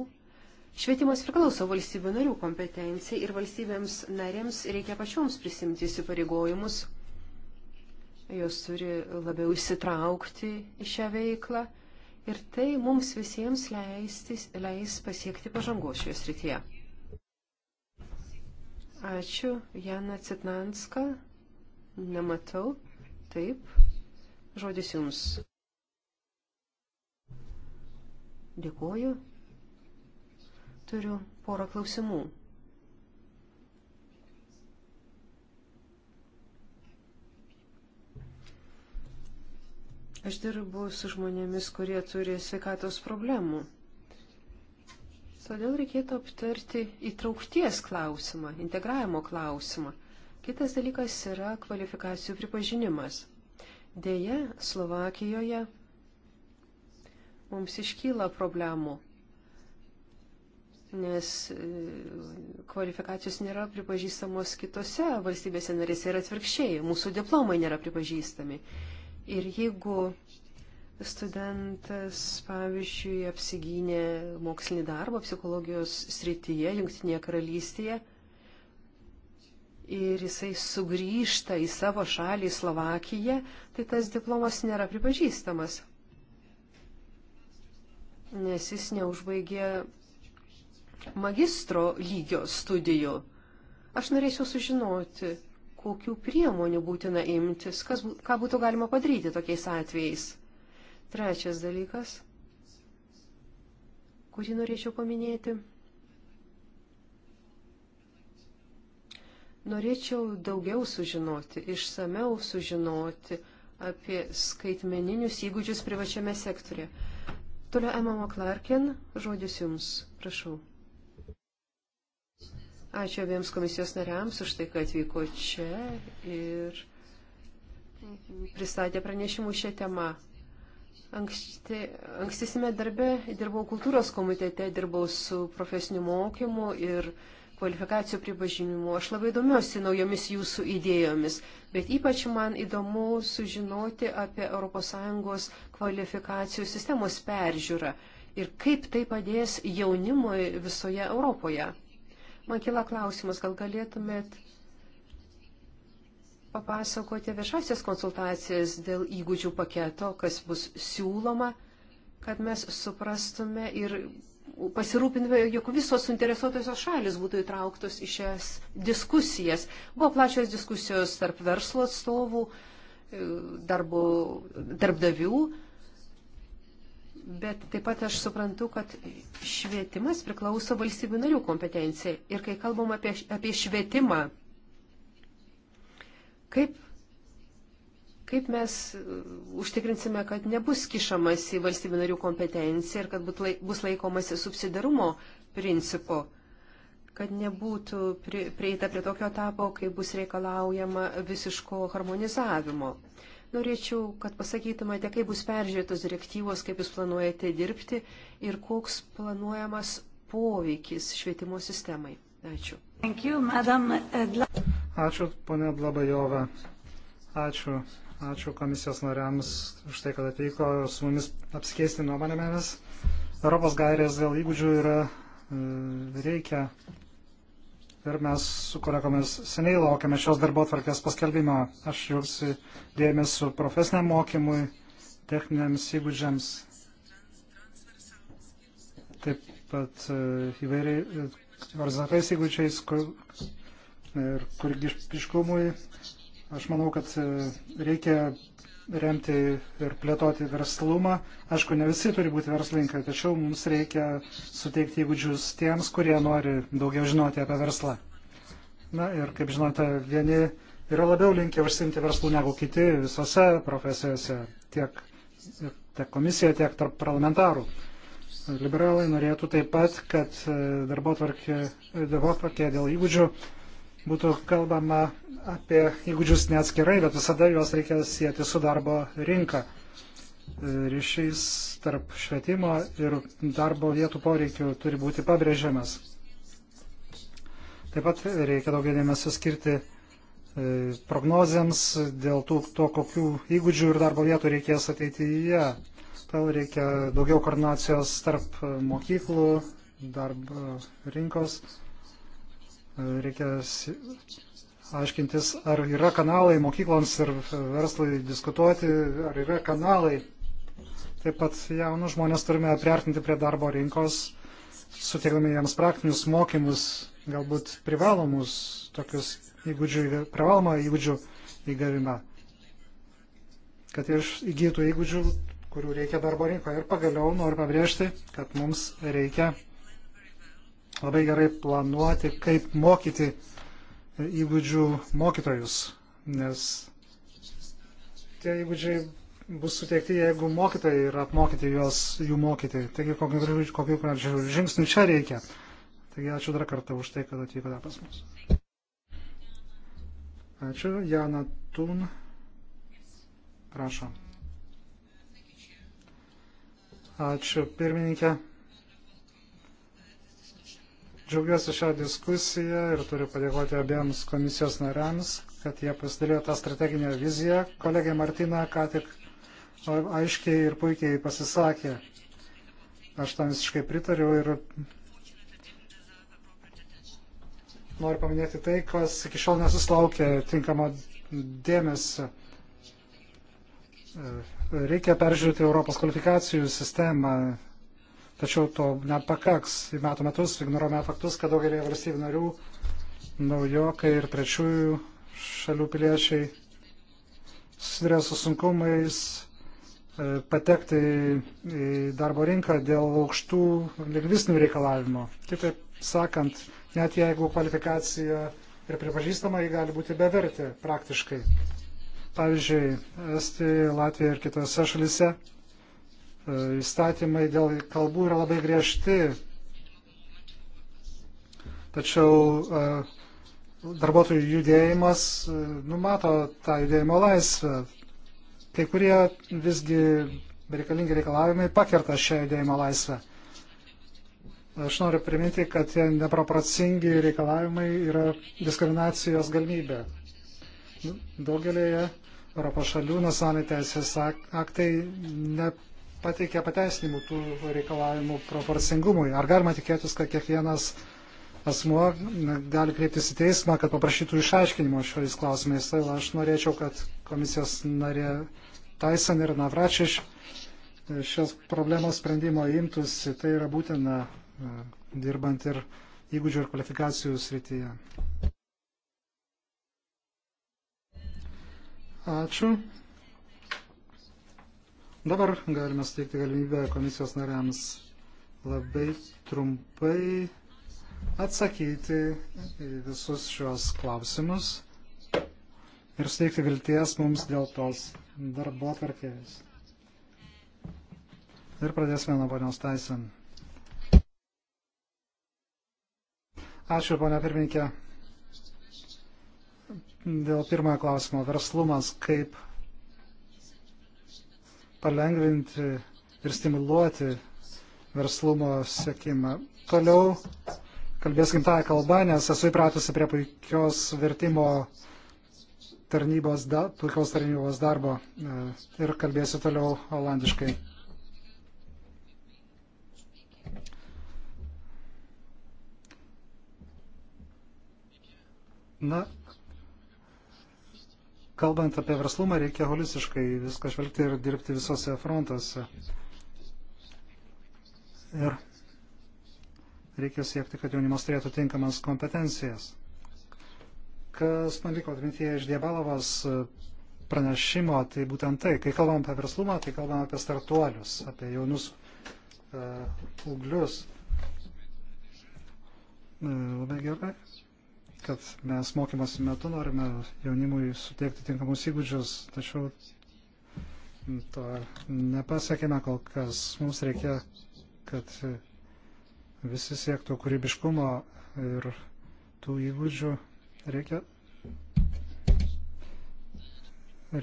Švietimas priklauso valstybių narių kompetencijai ir valstybėms narėms reikia pačioms prisimti įsipareigojimus. Jos turi labiau įsitraukti į šią veiklą ir tai mums visiems leis, leis pasiekti pažangos šioje srityje. Ačiū, Jana Citnanska. Nematau. Taip. Žodis jums. Dėkuoju. Turiu porą klausimų. Aš dirbu su žmonėmis, kurie turi sveikatos problemų. Todėl reikėtų aptarti įtraukties klausimą, integravimo klausimą. Kitas dalykas yra kvalifikacijų pripažinimas. Deja, Slovakijoje mums iškyla problemų, nes e, kvalifikacijos nėra pripažįstamos kitose valstybėse narėse ir atvirkščiai, mūsų diplomai nėra pripažįstami. Ir jeigu Studentas, pavyzdžiui, apsigynė mokslinį darbą psichologijos srityje, Junktinėje karalystėje. Ir jisai sugrįžta į savo šalį, į Slovakiją, tai tas diplomas nėra pripažįstamas. Nes jis neužbaigė magistro lygio studijų. Aš norėčiau sužinoti, kokių priemonių būtina imtis, kas, ką būtų galima padaryti tokiais atvejais. Trečias dalykas, kurį norėčiau paminėti. Norėčiau daugiau sužinoti, išsameu sužinoti apie skaitmeninius įgūdžius privačiame sektorė. Toliau Emma McClarkin, žodis Jums, prašau. Ačiū abiems komisijos nariams už tai, kad atvyko čia ir pristatė pranešimų šią temą. Anksti, ankstesime darbe dirbau kultūros komitete, dirbau su profesiniu mokymu ir kvalifikacijų pripažinimu. Aš labai domiuosi naujomis jūsų idėjomis, bet ypač man įdomu sužinoti apie ES kvalifikacijų sistemos peržiūrą ir kaip tai padės jaunimui visoje Europoje. Man kila klausimas, gal galėtumėt papasakoti viešasias konsultacijas dėl įgūdžių paketo, kas bus siūloma, kad mes suprastume ir pasirūpintume, jog visos suinteresuotosios šalis būtų įtrauktos į šias diskusijas. Buvo plačios diskusijos tarp verslo atstovų, e, darbo, darbdavių, bet taip pat aš suprantu, kad švietimas priklauso valstybių narių kompetencijai. Ir kai kalbam apie, apie švietimą, Kaip, kaip mes uh, užtikrinsime, kad nebus kišamas į valstybių narių kompetenciją ir kad bus laikomasi subsidarumo principu, kad nebūtų prieita prie tokio etapo, kai bus reikalaujama visiško harmonizavimo. Norėčiau, kad pasakytumėte, kaip bus peržiūrėtos direktyvos, kaip jūs planuojate dirbti ir koks planuojamas poveikis švietimo sistemai. Ačiū. You, ačiū, ponė Blabajova. Ačiū. Ačiū komisijos nariams už tai, kad atvyko su mumis apsikeisti nuomonėmis. Europos gairės dėl įgūdžių yra e, reikia. Ir mes su kolegomis seniai laukiame šios darbo tvarkės paskelbimo. Aš jūsų dėmesį profesiniam mokymui, techniniams įgūdžiams, taip pat e, įvairiai horizontaliais įgūdžiais kur, ir kūrybiškumui. Aš manau, kad e, reikia remti ir plėtoti verslumą. Aišku, ne visi turi būti verslininkai, tačiau mums reikia suteikti įgūdžius tiems, kurie nori daugiau žinoti apie verslą. Na ir, kaip žinote, vieni yra labiau linkę užsimti verslų negu kiti visose profesijose, tiek, tiek komisija, tiek tarp parlamentarų. Liberalai norėtų taip pat, kad e, e, darbo tvarkė dėl įgūdžių būtų kalbama apie įgūdžius neatskirai, bet visada juos reikia sieti su darbo rinka. E, ryšys tarp švietimo ir darbo vietų poreikių turi būti pabrėžiamas. Taip pat reikia daugiau dėmesio skirti prognozėms dėl tų, to, kokių įgūdžių ir darbo vietų reikės ateityje. Todėl reikia daugiau koordinacijos tarp e, mokyklų, darbo e, rinkos. E, reikia aiškintis, ar yra kanalai mokykloms ir verslai diskutuoti, ar yra kanalai. Taip pat jaunus žmonės turime priartinti prie darbo rinkos, suteikdami jiems praktinius mokymus, galbūt privalomus tokius įgūdžių, privalomą įgūdžių įgavimą. Kad jie įgytų įgūdžių kurių reikia darbo rinkoje. Ir pagaliau noriu pabrėžti, kad mums reikia labai gerai planuoti, kaip mokyti įgūdžių mokytojus, nes tie įgūdžiai bus suteikti, jeigu mokytojai yra apmokyti juos, jų mokyti. Taigi kokių žingsnių čia reikia. Taigi ačiū dar kartą už tai, kad atvykote pas mus. Ačiū, Jana Tun. Prašom. Ačiū pirmininkė. Džiaugiuosi šią diskusiją ir turiu padėkoti abiems komisijos nariams, kad jie pasidalijo tą strateginę viziją. Kolegė Martina ką tik aiškiai ir puikiai pasisakė. Aš tam visiškai pritariu ir noriu paminėti tai, kas iki šiol nesuslaukė tinkamo dėmesio. Reikia peržiūrėti Europos kvalifikacijų sistemą, tačiau to nepakaks. Į metų metus ignoruojame faktus, kad daugelį valstybių narių naujokai ir trečiųjų šalių piliečiai susiduria su sunkumais e, patekti į darbo rinką dėl aukštų lingvistinių reikalavimų. Kitaip sakant, net jeigu kvalifikacija ir pripažįstama, ji gali būti bevertė praktiškai. Pavyzdžiui, Estijoje, Latvijoje ir kitose šalise e, įstatymai dėl kalbų yra labai griežti, tačiau e, darbuotojų judėjimas e, numato tą judėjimo laisvę. Kai kurie visgi reikalingi reikalavimai pakerta šią judėjimo laisvę. Aš noriu priminti, kad tie neproporcingi reikalavimai yra diskriminacijos galimybė daugelėje Europos šalių nacionaliniai teisės aktai nepateikia pateisinimų tų reikalavimų proporcingumui. Ar galima tikėtis, kad kiekvienas asmuo gali kreiptis į teismą, kad paprašytų išaiškinimo šiais klausimais? Tai aš norėčiau, kad komisijos narė Tyson ir Navračiš šios problemos sprendimo imtųsi. Tai yra būtina dirbant ir įgūdžių ir kvalifikacijų srityje. Ačiū. Dabar galime suteikti galimybę komisijos nariams labai trumpai atsakyti į visus šios klausimus ir suteikti vilties mums dėl tos darbo atvarkės. Ir pradėsime nuo ponios Tyson. Ačiū, ponia pirmininkė. Dėl pirmojo klausimo - verslumas, kaip palengvinti ir stimuliuoti verslumo sėkimą. Toliau kalbės gimtąją kalbą, nes esu įpratusi prie puikios vertimo tarnybos, da, puikios tarnybos darbo e, ir kalbėsiu toliau olandiškai. Na, Kalbant apie verslumą, reikia holistiškai viską žvelgti ir dirbti visose frontuose. Ir reikia siekti, kad jaunimas turėtų tinkamas kompetencijas. Kas man liko atmintyje iš Diebalovas pranešimo, tai būtent tai, kai kalbam apie verslumą, tai kalbam apie startuolius, apie jaunus uh, e, uglius. Uh, e, labai gerai kad mes mokymas metu norime jaunimui suteikti tinkamus įgūdžius, tačiau to nepasiekime kol kas. Mums reikia, kad visi siektų kūrybiškumo ir tų įgūdžių reikia,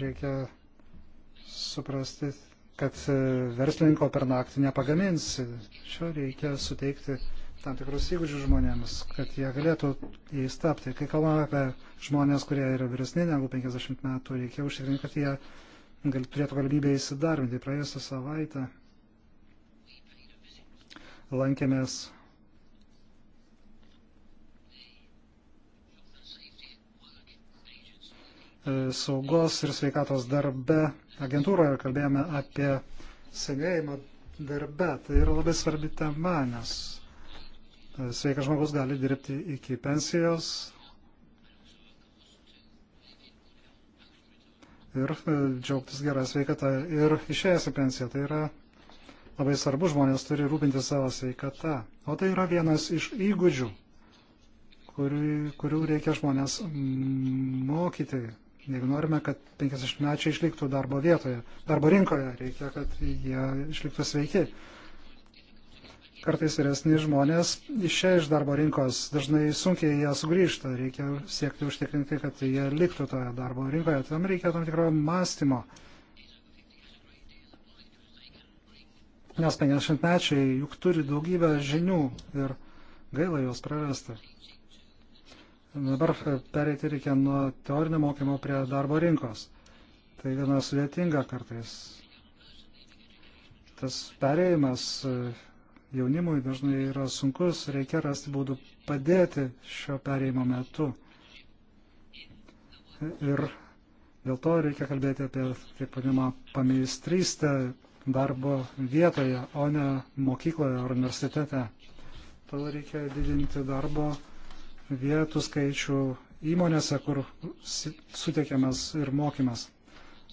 reikia suprasti, kad verslininko per naktį nepagaminsi. Šio reikia suteikti tam tikrus įgūdžius žmonėms, kad jie galėtų jais tapti. Kai kalbame apie žmonės, kurie yra vyresni negu 50 metų, reikia užtikrinti, kad jie gal, turėtų galimybę įsidarbinti. Praėjusią savaitę lankėmės e, saugos ir sveikatos darbe agentūroje kalbėjome apie senėjimą darbe. Tai yra labai svarbi tema, nes sveikas žmogus gali dirbti iki pensijos ir e, džiaugtis gerą sveikatą ir išėjęs į pensiją. Tai yra labai svarbu, žmonės turi rūpinti savo sveikatą. O tai yra vienas iš įgūdžių, kurių, kurių reikia žmonės mokyti. Jeigu norime, kad 50 mečiai išliktų darbo vietoje, darbo rinkoje, reikia, kad jie išliktų sveiki kartais vyresni žmonės išėję iš darbo rinkos, dažnai sunkiai jie sugrįžta, reikia siekti užtikrinti, kad jie liktų toje darbo rinkoje, tam reikia tam tikro mąstymo. Nes 50-mečiai juk turi daugybę žinių ir gaila jos prarasti. Dabar pereiti reikia nuo teorinio mokymo prie darbo rinkos. Tai gana sudėtinga kartais tas perėjimas jaunimui dažnai yra sunkus, reikia rasti būdų padėti šio pereimo metu. Ir dėl to reikia kalbėti apie taip vadinamą pameistrystę darbo vietoje, o ne mokykloje ar universitete. Todėl reikia didinti darbo vietų skaičių įmonėse, kur suteikiamas ir mokymas.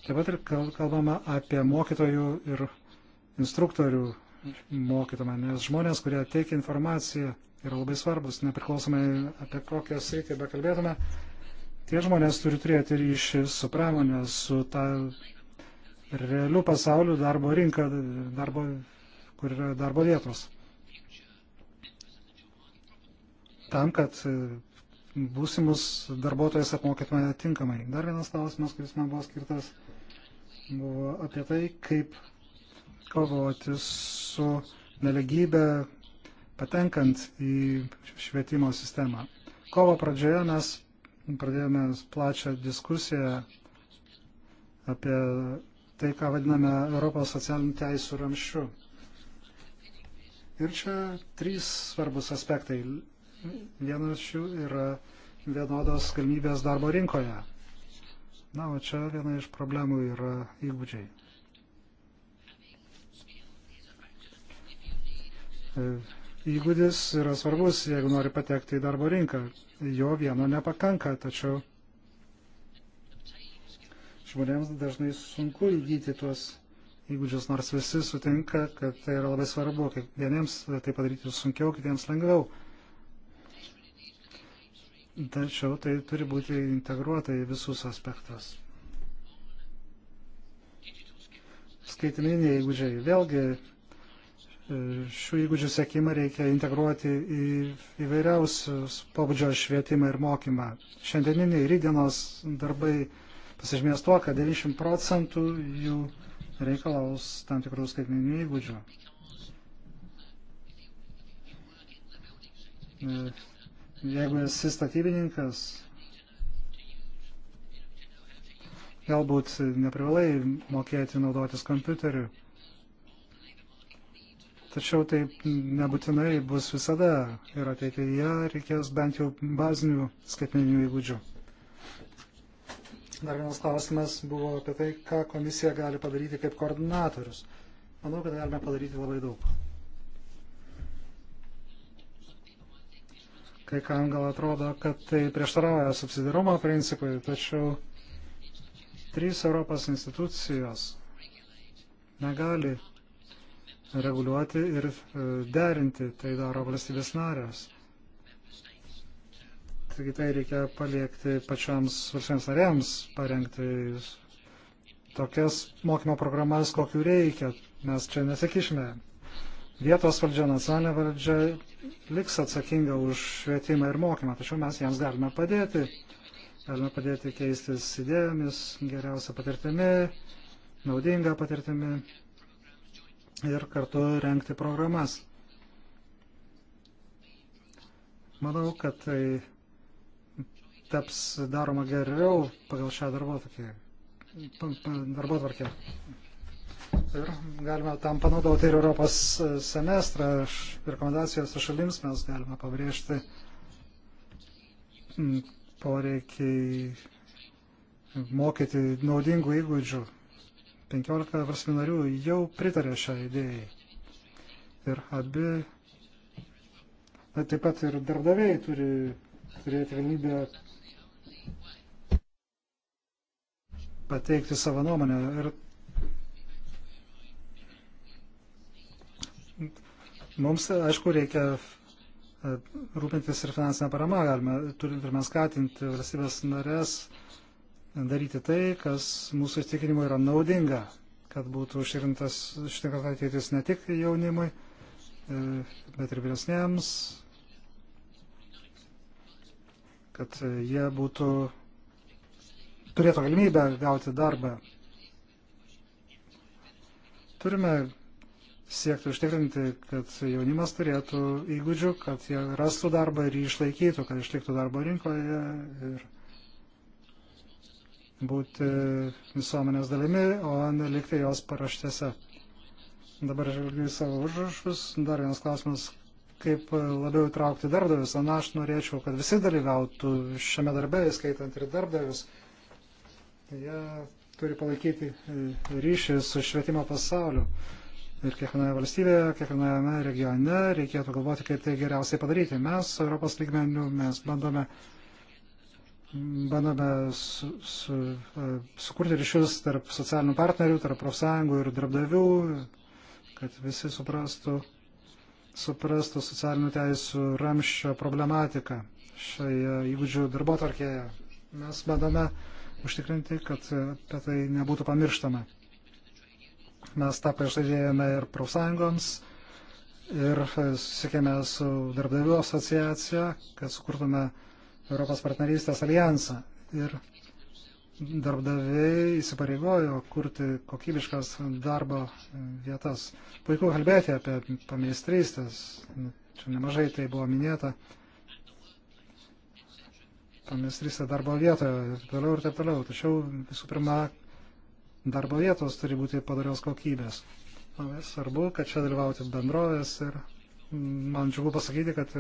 Taip pat ir kalbama apie mokytojų ir instruktorių mokytume, nes žmonės, kurie teikia informaciją, yra labai svarbus, nepriklausomai apie kokią sritį bekalbėtume, tie žmonės turi turėti ryšį su pramonė, su ta realiu pasauliu darbo rinka, darbo, kur yra darbo vietos. Tam, kad būsimus darbuotojas apmokytume tinkamai. Dar vienas klausimas, kuris man buvo skirtas, buvo apie tai, kaip kovoti su neligybė patenkant į švietimo sistemą. Kovo pradžioje mes pradėjome plačią diskusiją apie tai, ką vadiname Europos socialinių teisų ramščiu. Ir čia trys svarbus aspektai. Vienas iš jų yra vienodos galimybės darbo rinkoje. Na, o čia viena iš problemų yra įgūdžiai. E, įgūdis yra svarbus, jeigu nori patekti į darbo rinką. Jo vieno nepakanka, tačiau žmonėms dažnai sunku įgyti tuos įgūdžius, nors visi sutinka, kad tai yra labai svarbu. Kaip vieniems tai padaryti sunkiau, kitiems lengviau. Tačiau tai turi būti integruota į visus aspektus. Skaitmeniniai įgūdžiai. Vėlgi šių įgūdžių sėkimą reikia integruoti į įvairiausius pobūdžio švietimą ir mokymą. Šiandieniniai rydienos darbai pasižymės tuo, kad 90 procentų jų reikalaus tam tikrų skaitmeninių įgūdžių. Jeigu esi statybininkas, galbūt neprivalai mokėti naudotis kompiuteriu Tačiau taip nebūtinai bus visada ir ateityje reikės bent jau bazinių skaitmeninių įgūdžių. Dar vienas klausimas buvo apie tai, ką komisija gali padaryti kaip koordinatorius. Manau, kad galime padaryti labai daug. Kai kam gal atrodo, kad tai prieštarauja subsidiarumo principui, tačiau trys Europos institucijos negali reguliuoti ir e, derinti, tai daro valstybės narės. Taigi tai reikia paliekti pačiams valstybės narėms parengti tokias mokymo programas, kokiu reikia. Mes čia nesikišime. Vietos valdžia, nacionalinė valdžia liks atsakinga už švietimą ir mokymą, tačiau mes jiems galime padėti. Galime padėti keistis idėjomis, geriausia patirtimi, naudinga patirtimi ir kartu renkti programas. Manau, kad tai taps daroma geriau pagal šią darbo tvarkę. Ir galime tam panaudoti ir Europos semestrą, rekomendacijos šalims mes galime pabrėžti mm, poreikiai mokyti naudingų įgūdžių 15 valstybių narių jau pritarė šią idėjai. Ir abi, na, taip pat ir darbdaviai turi turėti galimybę pateikti savo nuomonę. Ir mums, aišku, reikia e, rūpintis ir finansinę paramą, galime, turime skatinti valstybės narės daryti tai, kas mūsų įstikinimu yra naudinga, kad būtų užtikrintas ateitis ne tik jaunimui, e, bet ir vyresniems, kad jie būtų, turėtų galimybę gauti darbą. Turime siekti užtikrinti, kad jaunimas turėtų įgūdžių, kad jie rastų darbą ir jį išlaikytų, kad išliktų darbo rinkoje ir būti visuomenės dalimi, o nelikti jos paraštėse. Dabar žvelgiu į savo užrašus. Dar vienas klausimas, kaip labiau įtraukti darbdavius. Na, aš norėčiau, kad visi dalyvautų šiame darbe, įskaitant ir darbdavius. Jie turi palaikyti ryšį su švietimo pasauliu. Ir kiekvienoje valstybėje, kiekviename regione reikėtų galvoti, kaip tai geriausiai padaryti. Mes Europos lygmenių mes bandome uh, bandome su, su, e, sukurti ryšius tarp socialinių partnerių, tarp profsąjungų ir darbdavių, kad visi suprastų, suprastų socialinių teisų ramščio problematiką šioje įgūdžių darbo tarkėje. Mes bandome užtikrinti, kad apie tai nebūtų pamirštama. Mes tą pažadėjome ir profsąjungoms, ir e, susikėmė su darbdavių asociacija, kad sukurtume uh, Europos partnerystės alijansą. Ir darbdaviai įsipareigojo kurti kokybiškas darbo vietas. Puiku kalbėti apie pameistrystės, nu, čia nemažai tai buvo minėta, pameistrystė darbo vietoje ir toliau ir taip toliau. Tačiau visų pirma, darbo vietos turi būti padarios kokybės. Svarbu, kad čia dalyvauti bendrovės ir man džiugu pasakyti, kad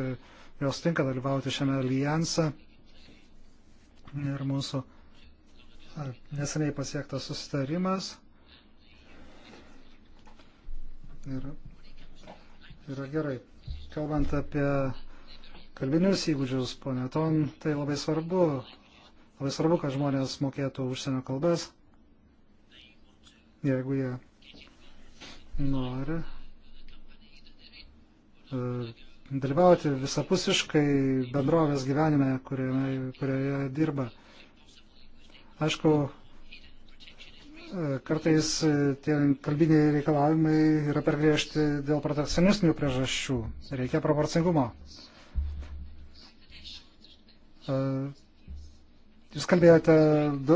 jos tinka dalyvauti šiame alijansą. Ir mūsų neseniai pasiektas susitarimas yra, yra gerai. Kalbant apie kalbinius įgūdžius, ponė Ton, tai labai svarbu. Labai svarbu, kad žmonės mokėtų užsienio kalbas, jeigu jie nori e, dalyvauti visapusiškai bendrovės gyvenime, kuriame, kurioje dirba. Aišku, e, kartais e, tie kalbiniai reikalavimai yra per griežti dėl protekcionistinių priežasčių. Reikia proporcingumo. E, Jūs kalbėjote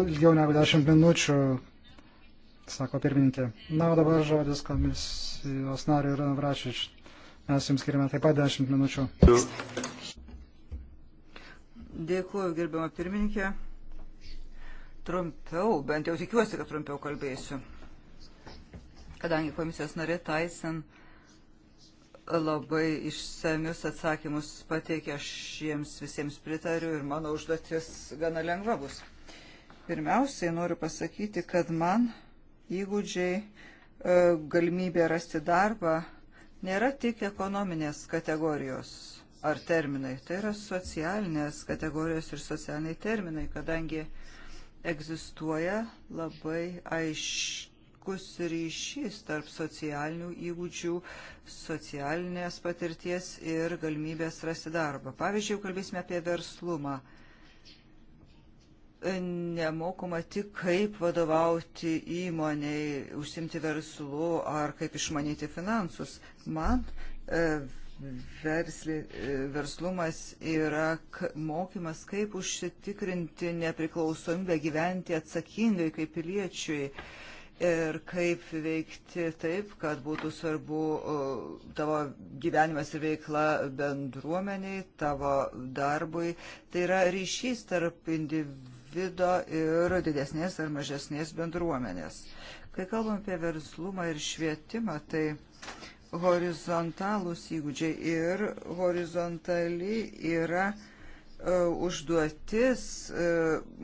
ilgiau negu 10 minučių, sako pirmininkė. Na, o dabar žodis komisijos nariui yra Navračičiui. Mes jums skiriame taip pat 10 minučių. Dėkuoju, gerbiama pirmininkė. Trumpiau, bent jau tikiuosi, kad trumpiau kalbėsiu. Kadangi komisijos narė Tyson labai išsamius atsakymus pateikė, aš jiems visiems pritariu ir mano užduotis gana lengva bus. Pirmiausiai noriu pasakyti, kad man įgūdžiai, e, galimybė rasti darbą nėra tik ekonominės kategorijos ar terminai, tai yra socialinės kategorijos ir socialiniai terminai, kadangi egzistuoja labai aiškus ryšys tarp socialinių įgūdžių, socialinės patirties ir galimybės rasti darbą. Pavyzdžiui, kalbėsime apie verslumą. Nemokoma tik kaip vadovauti įmoniai, užsimti verslu ar kaip išmanyti finansus man e, verslė, e, verslumas yra mokymas, kaip užsitikrinti nepriklausomybę, gyventi atsakingai kaip piliečiui ir kaip veikti taip, kad būtų svarbu tavo gyvenimas ir veikla bendruomeniai, tavo darbui. Tai yra ryšys tarp individo ir didesnės ar mažesnės bendruomenės. Kai kalbam apie verslumą ir švietimą, tai horizontalūs įgūdžiai ir horizontali yra e, užduotis e,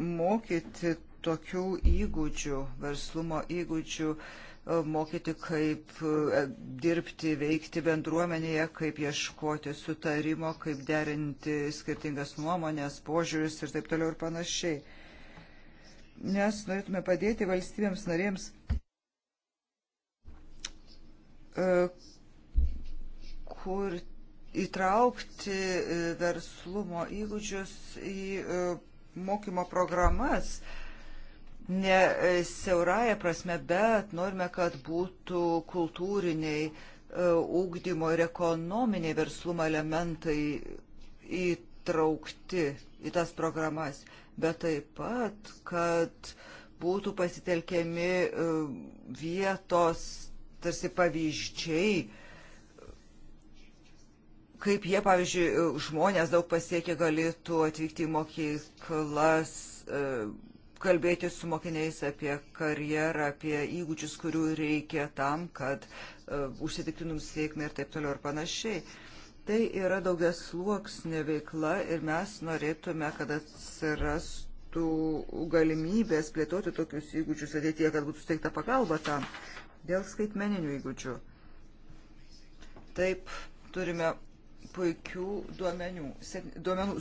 mokyti tokių įgūdžių, verslumo įgūdžių, e, mokyti kaip dirbti, veikti bendruomenėje, kaip ieškoti sutarimo, kaip derinti skirtingas nuomonės, požiūris ir taip toliau ir panašiai. Mes norėtume padėti valstybėms narėms kur įtraukti e, verslumo įgūdžius į e, mokymo programas. Ne e, siauraja prasme, bet norime, kad būtų kultūriniai ūkdymo ir ekonominiai verslumo elementai įtraukti į tas programas, bet taip pat, kad būtų pasitelkiami vietos tarsi pavyzdžiai, kaip jie, pavyzdžiui, žmonės daug pasiekę galėtų atvykti į mokyklas, e, kalbėti su mokiniais apie karjerą, apie įgūdžius, kurių reikia tam, kad e, užsitikrintum sėkmę ir taip toliau ir panašiai. Tai yra daugias sluoksnė veikla ir mes norėtume, kad atsirastų galimybės plėtoti tokius įgūdžius ateityje, kad būtų steigta pagalba tam dėl skaitmeninių įgūdžių. Taip, turime puikių duomenių. duomenų.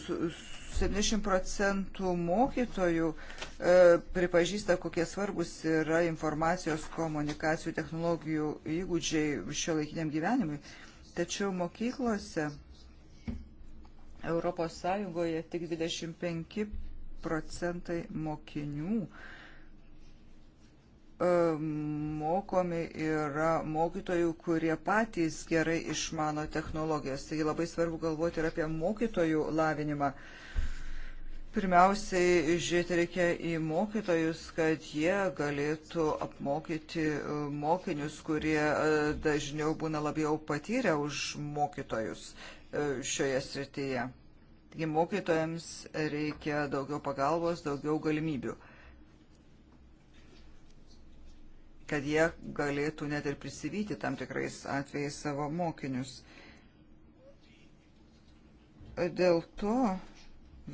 70 procentų mokytojų e, pripažįsta, kokie svarbus yra informacijos komunikacijų technologijų įgūdžiai šio laikiniam gyvenimui. Tačiau mokyklose Europos Sąjungoje tik 25 procentai mokinių E, mokomi yra mokytojų, kurie patys gerai išmano technologijas. Taigi labai svarbu galvoti ir apie mokytojų lavinimą. Pirmiausiai žiūrėti reikia į mokytojus, kad jie galėtų apmokyti e, mokinius, kurie e, dažniau būna labiau patyrę už mokytojus šioje srityje. Taigi mokytojams reikia daugiau pagalbos, daugiau galimybių. kad jie galėtų net ir prisivyti tam tikrais atvejais savo mokinius. Dėl to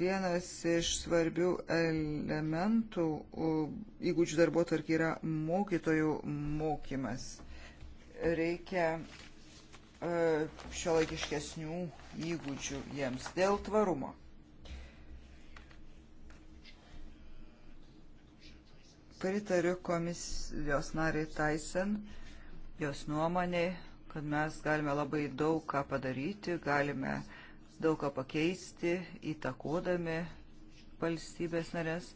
vienas iš svarbių elementų įgūdžių darbo tvarky yra mokytojų mokymas. Reikia e, šiolaikiškesnių įgūdžių jiems dėl tvarumo. Pritariu komisijos nariai Tyson, jos nuomonėj, kad mes galime labai daug ką padaryti, galime daug ką pakeisti, įtakodami valstybės narės.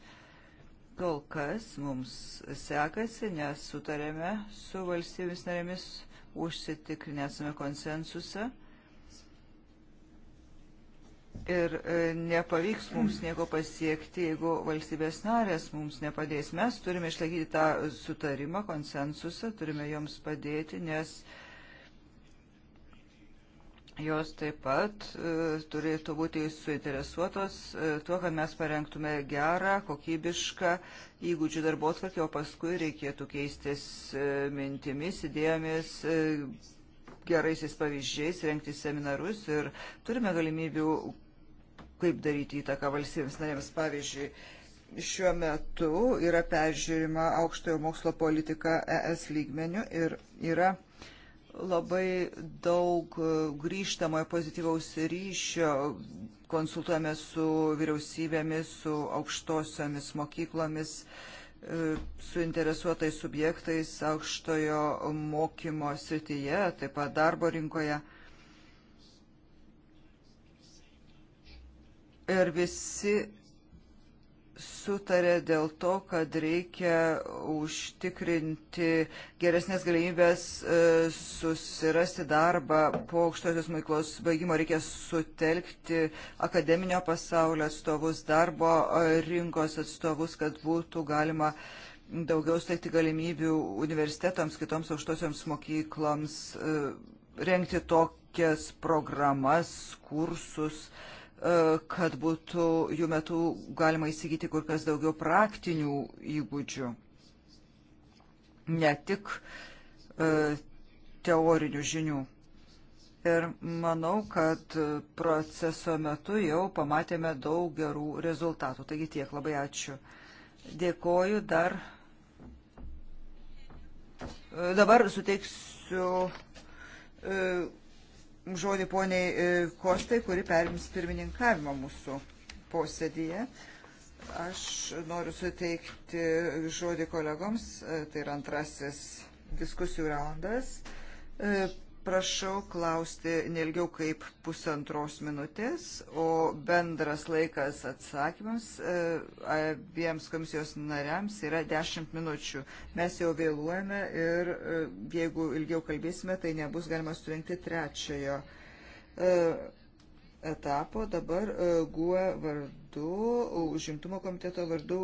Kol kas mums sekasi, nes sutarėme su valstybės narėmis, užsitikrinėsime konsensusą. Ir e, nepavyks mums nieko pasiekti, jeigu valstybės narės mums nepadės. Mes turime išlaikyti tą sutarimą, konsensusą, turime joms padėti, nes jos taip pat e, turėtų būti suinteresuotos e, tuo, kad mes parengtume gerą, kokybišką įgūdžių darbo tvarkį, o paskui reikėtų keistis mintimis, idėjomis geraisiais pavyzdžiais, rengti seminarus ir turime galimybių kaip daryti įtaką valstybėms narėms. Pavyzdžiui, šiuo metu yra peržiūrima aukštojo mokslo politika ES lygmenių ir yra labai daug grįžtamojo pozityvaus ryšio, konsultuojame su vyriausybėmis, su aukštosiomis mokyklomis, e, su interesuotais subjektais aukštojo mokymo srityje, taip pat darbo rinkoje. ir visi sutarė dėl to, kad reikia užtikrinti geresnės galimybės e, susirasti darbą po aukštosios mokyklos baigimo. Reikia sutelkti akademinio pasaulio atstovus, darbo e, rinkos atstovus, kad būtų galima daugiau steigti galimybių universitetams, kitoms aukštosioms mokykloms e, rengti tokias programas, kursus. Uh, E, kad būtų jų metu galima įsigyti kur kas daugiau praktinių įgūdžių, ne tik e, teorinių žinių. Ir manau, kad proceso metu jau pamatėme daug gerų rezultatų. Taigi tiek, labai ačiū. Dėkoju dar. E, dabar suteiksiu žodį poniai e, Kostai, kuri perims pirmininkavimą mūsų posėdyje. Aš noriu suteikti žodį kolegoms, e, tai yra antrasis diskusijų raundas. E, prašau klausti nelgiau kaip pusantros minutės, o bendras laikas atsakymams e, abiems komisijos nariams yra 10 minučių. Mes jau vėluojame ir e, jeigu ilgiau kalbėsime, tai nebus galima surinkti trečiojo e, etapo. Dabar GUE vardu, užimtumo komiteto vardu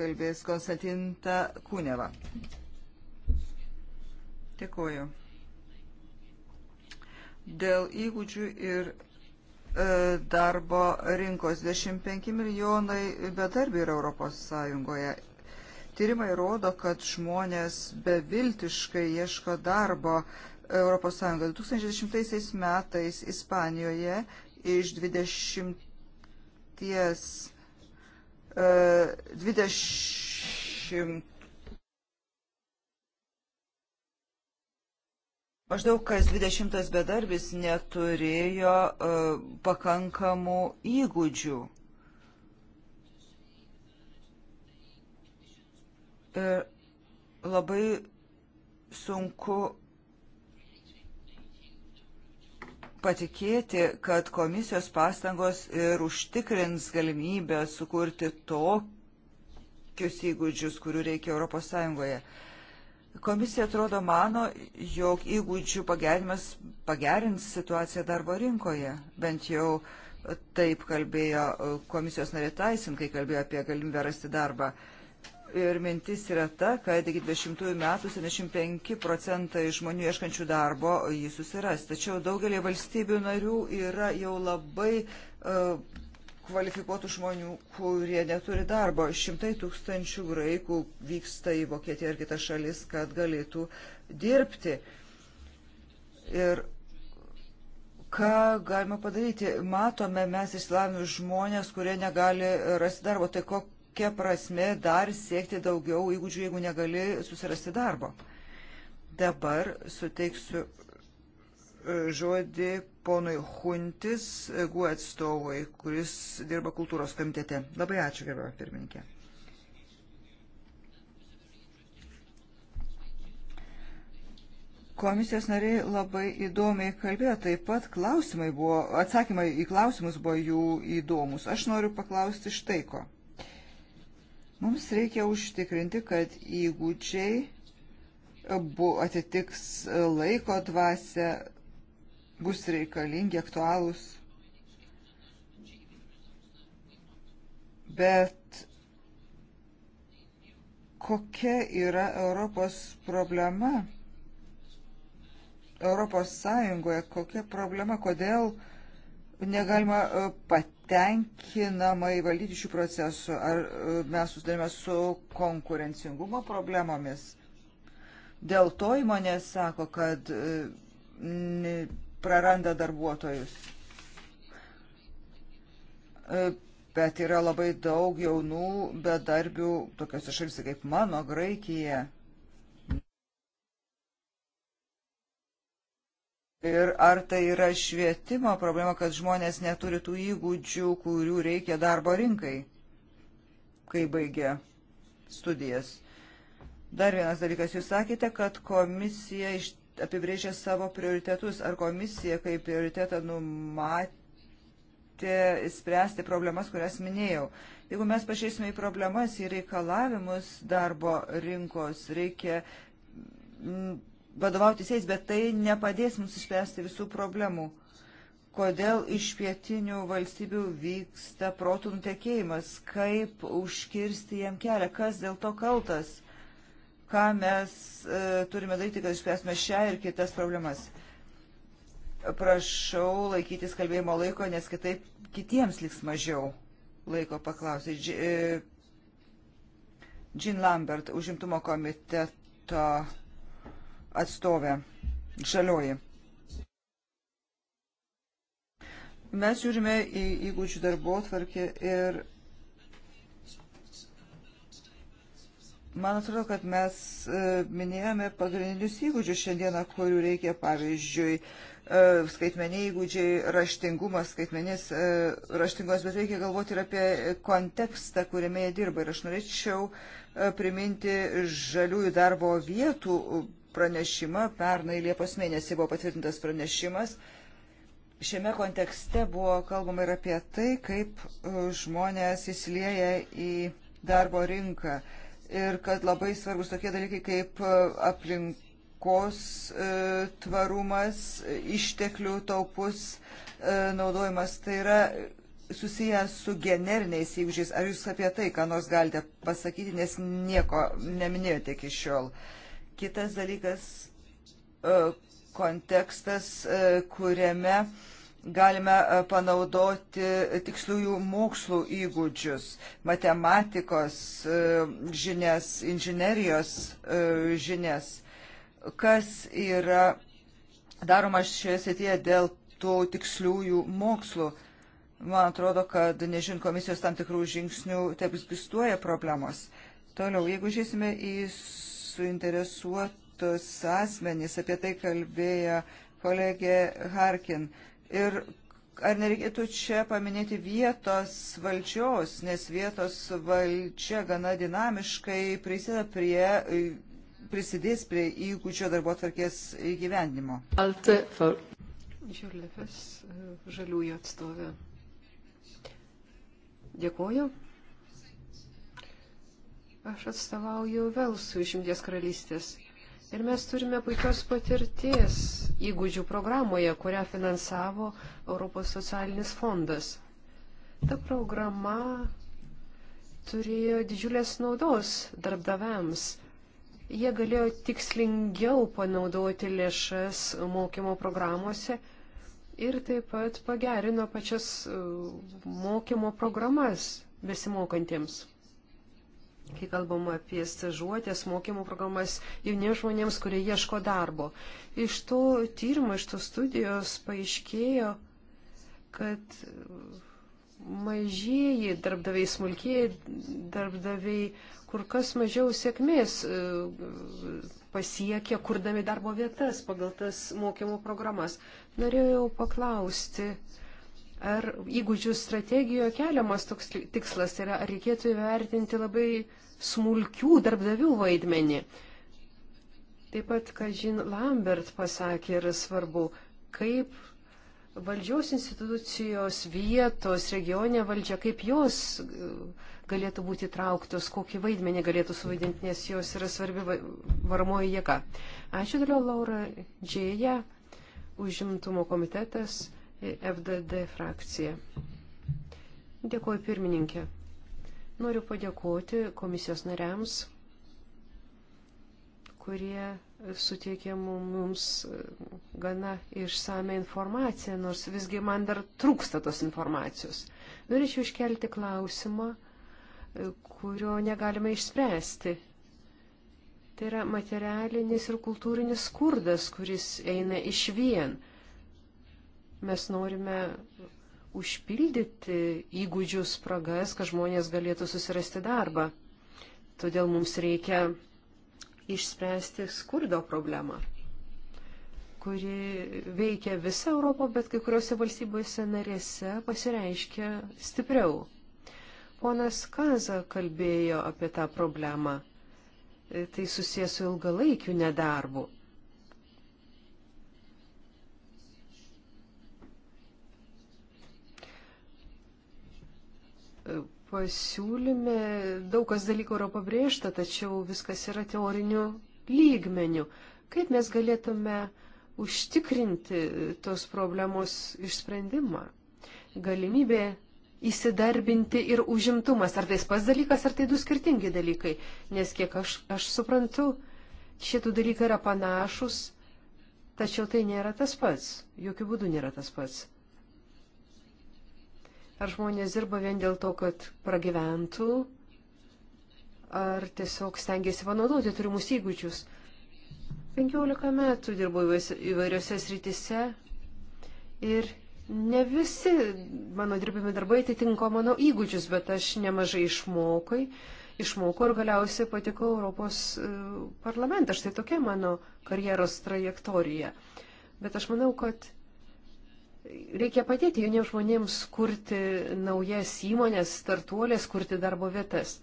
kalbės Konstantinta Kūneva. Dėkuoju dėl įgūdžių ir e, darbo rinkos. 25 milijonai bedarbių yra Europos Sąjungoje. Tyrimai rodo, kad žmonės beviltiškai ieško darbo Europos Sąjungoje. 2010 metais Ispanijoje iš 20, 20 e, Maždaug kas 20 bedarbis neturėjo uh, pakankamų įgūdžių. Ir labai sunku patikėti, kad komisijos pastangos ir užtikrins galimybę sukurti tokius įgūdžius, kurių reikia ES. Komisija atrodo mano, jog įgūdžių pagerimas pagerins situaciją darbo rinkoje. Bent jau taip kalbėjo komisijos narė Taisin, kai kalbėjo apie galimybę rasti darbą. Ir mintis yra ta, kad iki 20 metų 75 procentai žmonių ieškančių darbo jį susiras. Tačiau daugelį valstybių narių yra jau labai uh, kvalifikuotų žmonių, kurie neturi darbo. Šimtai tūkstančių graikų vyksta į Vokietiją ir kitas šalis, kad galėtų dirbti. Ir ką galima padaryti? Matome mes išsilavinius žmonės, kurie negali rasti darbo. Tai kokia prasme dar siekti daugiau įgūdžių, jeigu negali susirasti darbo? Dabar suteiksiu e, žodį ponui Huntis, GU e atstovui, kuris dirba kultūros komitete. Labai ačiū, gerbama pirmininkė. Komisijos nariai labai įdomiai kalbėjo, taip pat klausimai buvo, atsakymai į klausimus buvo jų įdomus. Aš noriu paklausti štai ko. Mums reikia užtikrinti, kad įgūdžiai atitiks laiko dvasę, bus reikalingi, aktualūs. Bet kokia yra Europos problema? Europos Sąjungoje kokia problema, kodėl negalima e, patenkinamai valdyti šių procesų, ar e, mes susidarėme su konkurencingumo problemomis. Dėl to įmonės sako, kad e, praranda darbuotojus. E, bet yra labai daug jaunų bedarbių tokiuose šalise kaip mano, Graikija. Ir ar tai yra švietimo problema, kad žmonės neturi tų įgūdžių, kurių reikia darbo rinkai, kai baigia studijas? Dar vienas dalykas, jūs sakėte, kad komisija iš apibrėžė savo prioritetus. Ar komisija kaip prioritetą numatė spręsti problemas, kurias minėjau? Jeigu mes pažiūrėsime į problemas, į reikalavimus darbo rinkos, reikia mm, vadovautis jais, bet tai nepadės mums išspręsti visų problemų. Kodėl iš pietinių valstybių vyksta protų nutekėjimas, kaip užkirsti jam kelią, kas dėl to kaltas – ką mes e, turime daryti, kad išspręsime šią ir kitas problemas. Prašau laikytis kalbėjimo laiko, nes kitaip kitiems liks mažiau laiko paklausyti. E, Jean Lambert, užimtumo komiteto atstovė, žalioji. Mes žiūrime į įgūdžių darbo tvarkį ir Man atrodo, kad mes e, minėjome pagrindinius įgūdžius šiandieną, kurių reikia, pavyzdžiui, e, skaitmeniai įgūdžiai, raštingumas, skaitmenis e, raštingumas, bet reikia galvoti ir apie kontekstą, kuriame jie dirba. Ir aš norėčiau priminti žaliųjų darbo vietų pranešimą. Pernai Liepos mėnesį buvo patvirtintas pranešimas. Šiame kontekste buvo kalbama ir apie tai, kaip žmonės įsilieja į darbo rinką. Uh, ir kad labai svarbus tokie dalykai kaip e, aplinkos e, tvarumas, e, išteklių taupus naudojimas, tai yra susijęs su generiniais įgūdžiais. Ar jūs apie tai, ką nors galite pasakyti, nes nieko neminėjote iki šiol. Kitas dalykas kontekstas, kuriame uh, galime e, panaudoti tiksliųjų mokslų įgūdžius, matematikos e, žinias, inžinerijos e, žinias. Kas yra daroma šioje srityje dėl tų tiksliųjų mokslų? Man atrodo, kad nežin komisijos tam tikrų žingsnių taip egzistuoja problemos. Toliau, jeigu žiūrėsime į suinteresuotus asmenys, apie tai kalbėjo kolegė Harkin. Ir ar nereikėtų čia paminėti vietos valdžios, nes vietos valdžia gana dinamiškai prisideda prie prisidės prie įgūdžio darbo atvarkės įgyvendimo. Alte for. Žiūrlefės, žaliųjų atstovė. Dėkuoju. Aš atstovauju Velsų iš Imties karalystės. Ir mes turime puikios patirties įgūdžių programoje, kurią finansavo Europos socialinis fondas. Ta programa turėjo didžiulės naudos darbdaviams. Jie galėjo tikslingiau panaudoti lėšas mokymo programuose ir taip pat pagerino pačias uh, mokymo programas besimokantiems kai kalbam apie stažuotės, mokymų programas jauniems žmonėms, kurie ieško darbo. Iš to tyrimo, iš tos studijos paaiškėjo, kad mažieji darbdaviai, smulkieji darbdaviai kur kas mažiau sėkmės e, pasiekia, kurdami darbo vietas pagal tas mokymų programas. Norėjau paklausti, Ar įgūdžių strategijoje keliamas toks tikslas yra, ar reikėtų įvertinti labai smulkių darbdavių vaidmenį? Taip pat, ką Žin Lambert pasakė, yra svarbu, kaip valdžios institucijos vietos, regionė valdžia, kaip jos uh, galėtų būti trauktos, kokį vaidmenį galėtų suvaidinti, nes jos yra svarbi varomoji jėga. Ačiū dėliau, Laura Džėja, užimtumo komitetas. FDD frakcija. Dėkuoju pirmininkė. Noriu padėkoti komisijos nariams, kurie suteikė mums e, gana išsame informaciją, nors visgi man dar trūksta tos informacijos. Norėčiau iškelti klausimą, e, kurio negalime išspręsti. Tai yra materialinis ir kultūrinis skurdas, kuris eina iš vien. Mes norime užpildyti įgūdžių spragas, kad žmonės galėtų susirasti darbą. Todėl mums reikia išspręsti skurdo problemą, kuri veikia visą Europą, bet kai kuriuose valstybėse narėse pasireiškia stipriau. Ponas Kaza kalbėjo apie tą problemą. Tai susijęs su ilgalaikiu nedarbu. pasiūlyme daug kas dalykų yra pabrėžta, tačiau viskas yra teorinių lygmenių. Kaip mes galėtume užtikrinti tos problemos išsprendimą? Galimybė įsidarbinti ir užimtumas. Ar tai pats dalykas, ar tai du skirtingi dalykai? Nes kiek aš, aš suprantu, šitų dalykai yra panašus, tačiau tai nėra tas pats. Jokių būdų nėra tas pats. Ar žmonės dirba vien dėl to, kad pragyventų, ar tiesiog stengiasi panaudoti turimus įgūdžius. 15 metų dirbau įvairiose srityse ir ne visi mano dirbimi darbai atitinko mano įgūdžius, bet aš nemažai išmokai, išmokau ir galiausiai patikau Europos e, parlamentą. Štai tokia mano karjeros trajektorija. Bet aš manau, kad Reikia padėti jauniems žmonėms kurti naujas įmonės, startuolės, kurti darbo vietas.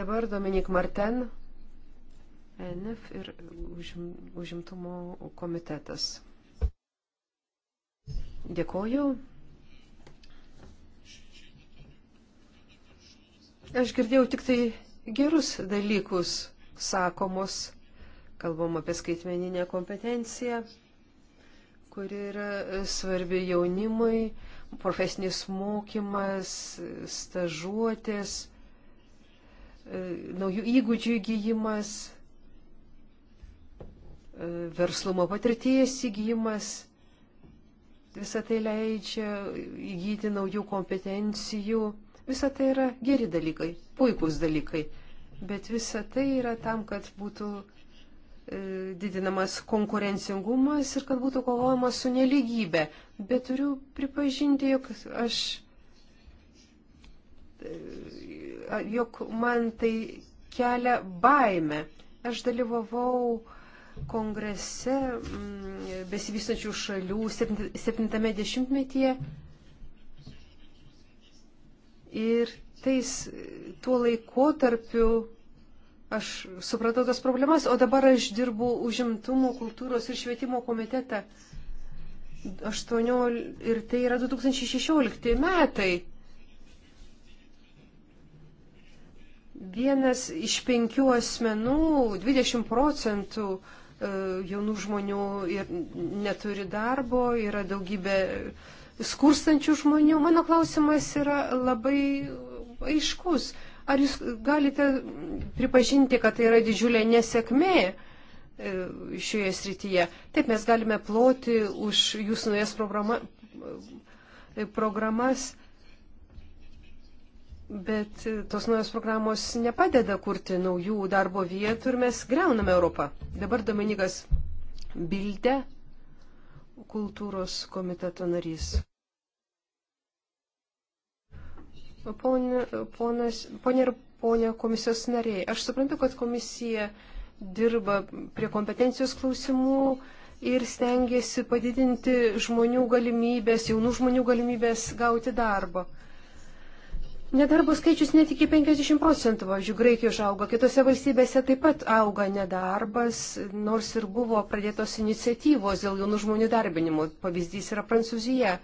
Dabar Dominik Marten, NF ir užim, užimtumo komitetas. Dėkoju. Aš girdėjau tik tai gerus dalykus sakomus. Kalbam apie skaitmeninę kompetenciją kuri yra e, svarbi jaunimui, profesinis mokymas, stažuotės, e, naujų įgūdžių įgyjimas, e, verslumo patirties įgyjimas. Visą tai leidžia įgyti naujų kompetencijų. Visą tai yra geri dalykai, puikūs dalykai. Bet visa tai yra tam, kad būtų didinamas konkurencingumas ir kad būtų kovojama su neligybė. Bet turiu pripažinti, jog aš e, jog man tai kelia baimę. Aš dalyvavau kongrese mm, besivystančių šalių 70-metyje ir tais tuo laikotarpiu Aš supratau tas problemas, o dabar aš dirbu užimtumo, kultūros ir švietimo komitete. 18, ir tai yra 2016 metai. Vienas iš penkių asmenų, 20 procentų e, jaunų žmonių ir neturi darbo, yra daugybė skurstančių žmonių. Mano klausimas yra labai aiškus. Ar jūs galite pripažinti, kad tai yra didžiulė nesėkmė e, šioje srityje? Taip, mes galime ploti už jūsų naujas programa, e, programas, bet e, tos naujos programos nepadeda kurti naujų darbo vietų ir mes greuname Europą. Dabar Dominikas Bilde, kultūros komiteto narys. Pone, ponas, ponė ir ponė komisijos nariai, aš suprantu, kad komisija dirba prie kompetencijos klausimų ir stengiasi padidinti žmonių galimybės, jaunų žmonių galimybės gauti darbą. Nedarbo skaičius net iki 50 procentų, važiuoju, Graikijoje auga, kitose valstybėse taip pat auga nedarbas, nors ir buvo pradėtos iniciatyvos dėl jaunų žmonių darbinimo. Pavyzdys yra Prancūzija.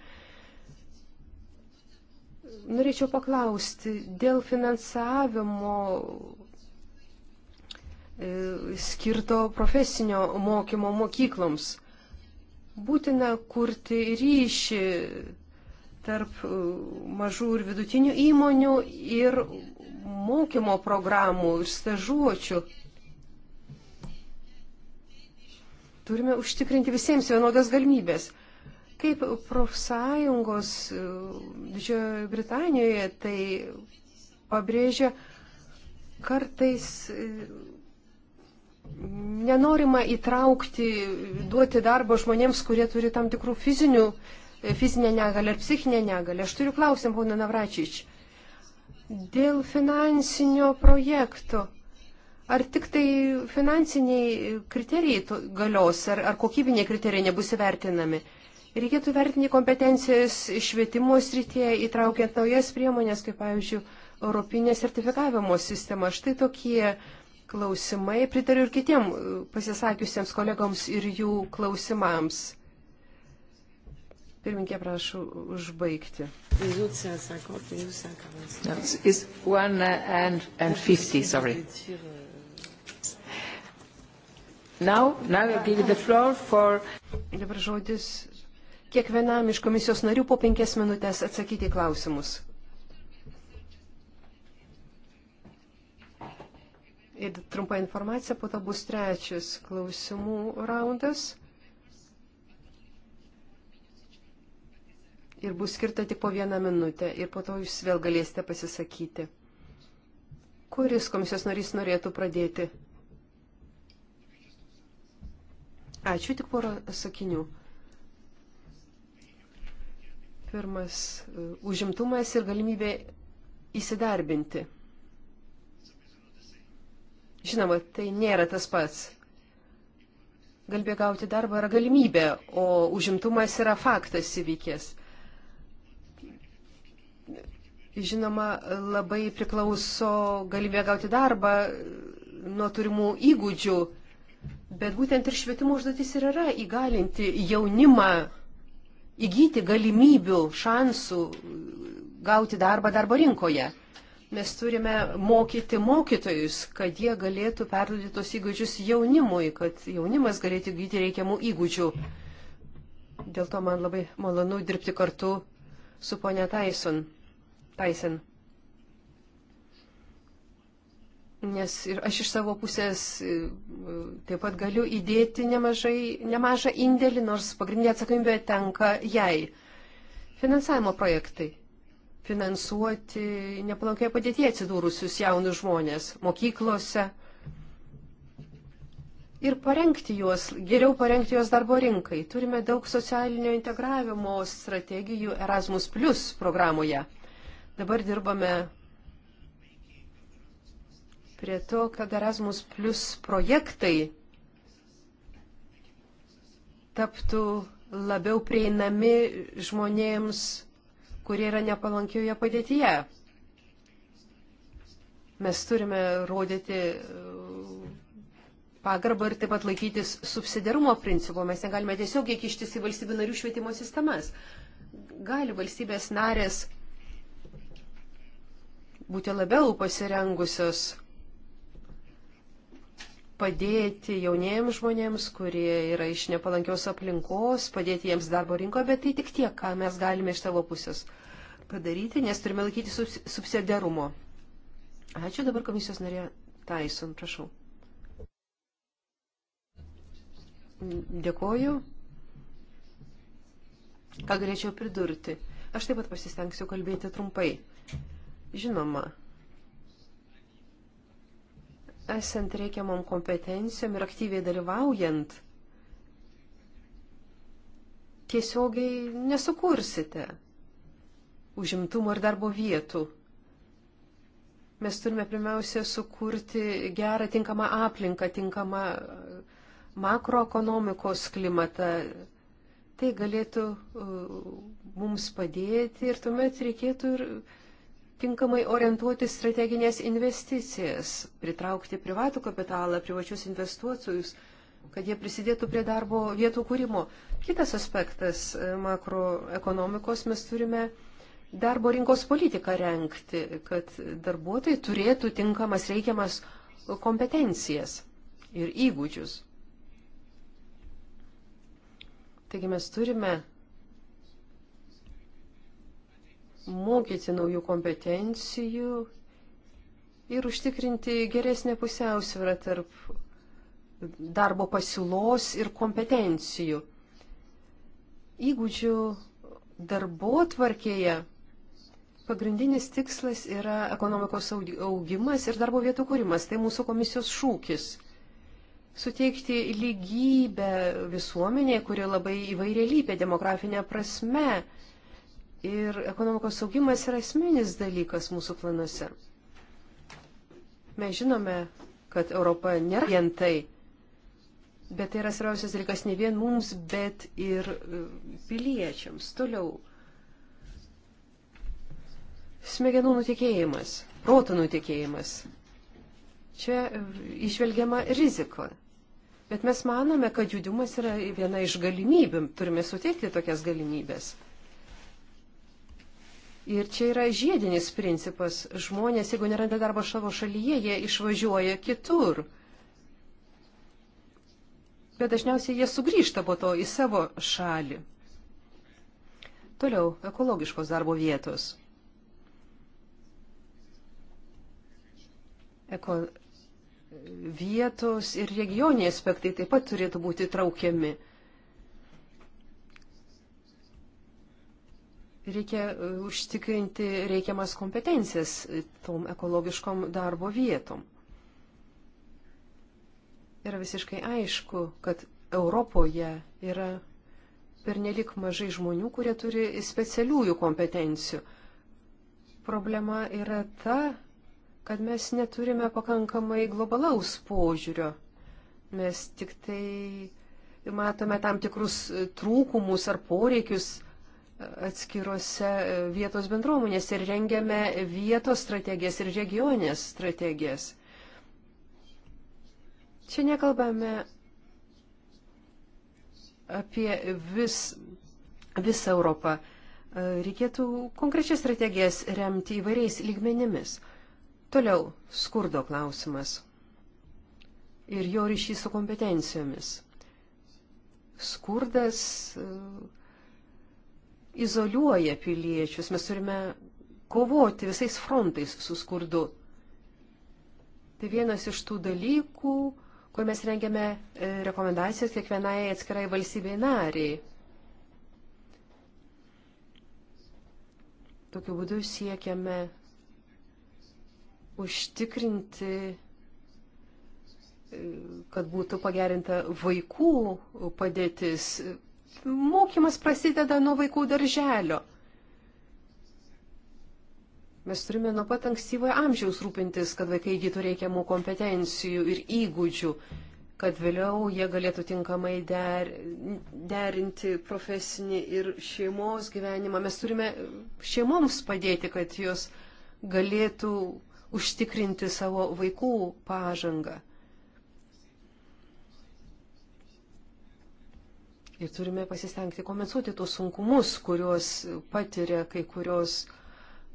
Norėčiau paklausti dėl finansavimo e, skirto profesinio mokymo mokykloms. Būtina kurti ryšį tarp e, mažų ir vidutinių įmonių ir mokymo programų ir stažuočių. Turime užtikrinti visiems vienodas galimybės. Kaip profsąjungos e, Didžiojoje Britanijoje tai pabrėžia, kartais e, nenorima įtraukti, duoti darbo žmonėms, kurie turi tam tikrų fizinių, e, fizinę negalę ar psichinę negalę. Aš turiu klausimą, pana Navračič. Dėl finansinio projekto. Ar tik tai finansiniai kriterijai galios, ar, ar kokybiniai kriterijai nebus įvertinami? Reikėtų vertinti kompetencijas švietimo srityje, įtraukiant naujas priemonės, kaip pavyzdžiui, Europinė sertifikavimo sistema. Štai tokie klausimai. Pritariu ir kitiem pasisakiusiems kolegoms ir jų klausimams. Pirminkė, prašau užbaigti. Uh, and, and 50, now, now for... Dabar žodis kiekvienam iš komisijos narių po penkias minutės atsakyti klausimus. Ir trumpa informacija, po to bus trečias klausimų raundas. Ir bus skirta tik po vieną minutę. Ir po to jūs vėl galėsite pasisakyti. Kuris komisijos narys norėtų pradėti? Ačiū tik porą sakinių. Pirmas e, - užimtumas ir galimybė įsidarbinti. Žinoma, tai nėra tas pats. Galbė gauti darbą yra galimybė, o užimtumas yra faktas įvykęs. Žinoma, labai priklauso galimybė gauti darbą nuo turimų įgūdžių, bet būtent ir švietimo užduotis ir yra įgalinti jaunimą įgyti galimybių, šansų gauti darbą darbo rinkoje. Mes turime mokyti mokytojus, kad jie galėtų perduoti tos įgūdžius jaunimui, kad jaunimas galėtų įgyti reikiamų įgūdžių. Dėl to man labai malonu dirbti kartu su ponia Tyson. Tyson. Nes ir aš iš savo pusės e, taip pat galiu įdėti nemažai, nemažą indėlį, nors pagrindinė atsakomybė tenka jai. Finansavimo projektai. Finansuoti nepalankioje padėtyje atsidūrusius jaunus žmonės mokyklose. Ir parengti juos, geriau parengti juos darbo rinkai. Turime daug socialinio integravimo strategijų Erasmus Plus programoje. Dabar dirbame prie to, kad Erasmus Plus projektai taptų labiau prieinami žmonėms, kurie yra nepalankioje padėtyje. Mes turime rodyti uh, pagarbą ir taip pat laikytis subsidiarumo principo. Mes negalime tiesiog įkištis į valstybių narių švietimo sistemas. Gali valstybės narės būti labiau pasirengusios padėti jauniems žmonėms, kurie yra iš nepalankios aplinkos, padėti jiems darbo rinkoje, bet tai tik tiek, ką mes galime iš savo pusės padaryti, nes turime laikyti subsidiarumo. Ačiū dabar komisijos narė Tyson, prašau. Dėkoju. Ką galėčiau pridurti? Aš taip pat pasistengsiu kalbėti trumpai. Žinoma, esant reikiamom kompetencijom ir aktyviai dalyvaujant, tiesiogiai nesukursite užimtumo ir darbo vietų. Mes turime pirmiausia sukurti gerą tinkamą aplinką, tinkamą makroekonomikos klimatą. Tai galėtų uh, mums padėti ir tuomet reikėtų ir tinkamai orientuoti strateginės investicijas, pritraukti privatų kapitalą, privačius investuotojus, kad jie prisidėtų prie darbo vietų kūrimo. Kitas aspektas e, makroekonomikos mes turime darbo rinkos politiką renkti, kad darbuotojai turėtų tinkamas reikiamas kompetencijas ir įgūdžius. Taigi mes turime mokyti naujų kompetencijų ir užtikrinti geresnę pusiausvyrą tarp darbo pasiūlos ir kompetencijų. Įgūdžių darbo tvarkėje pagrindinis tikslas yra ekonomikos augimas ir darbo vietų kūrimas. Tai mūsų komisijos šūkis suteikti lygybę visuomenėje, kuri labai įvairialypė demografinė prasme ir ekonomikos augimas yra esminis dalykas mūsų planuose. Mes žinome, kad Europa nėra vien tai, bet tai yra svarbiausias dalykas ne vien mums, bet ir e, piliečiams. Toliau. Smegenų nutikėjimas, proto nutikėjimas. Čia e, išvelgiama rizika. Bet mes manome, kad judumas yra viena iš galimybių, turime suteikti tokias galimybės. Ir čia yra žiedinis principas. Žmonės, jeigu neranda darbo savo šalyje, jie išvažiuoja kitur. Bet dažniausiai jie sugrįžta po to į savo šalį. Toliau, ekologiškos darbo vietos. Eko... Vietos ir regioniai aspektai taip pat turėtų būti traukiami. Reikia e, užtikrinti reikiamas kompetencijas e, tom ekologiškom darbo vietom. Yra visiškai aišku, kad Europoje yra pernelik mažai žmonių, kurie turi specialiųjų kompetencijų. Problema yra ta, kad mes neturime pakankamai globalaus požiūrio. Mes tik tai matome tam tikrus e, trūkumus ar poreikius atskirose e, vietos bendruomenėse ir rengiame vietos strategijas ir regionės strategijas. Čia nekalbame apie vis, visą Europą. E, reikėtų konkrečias strategijas remti įvairiais lygmenimis. Toliau skurdo klausimas ir jo ryšys su kompetencijomis. Skurdas e, izoliuoja piliečius. Mes turime kovoti visais frontais su skurdu. Tai vienas iš tų dalykų, kur mes rengiame e, rekomendacijas kiekvienai atskirai valstybei nariai. Tokiu būdu siekiame užtikrinti, e, kad būtų pagerinta vaikų padėtis, mokymas prasideda nuo vaikų darželio. Mes turime nuo pat ankstyvojo amžiaus rūpintis, kad vaikai įgytų reikiamų kompetencijų ir įgūdžių, kad vėliau jie galėtų tinkamai der, derinti profesinį ir šeimos gyvenimą. Mes turime šeimoms padėti, kad jos galėtų užtikrinti savo vaikų pažangą. Ir turime pasistengti komensuoti tos sunkumus, kuriuos patiria kai kurios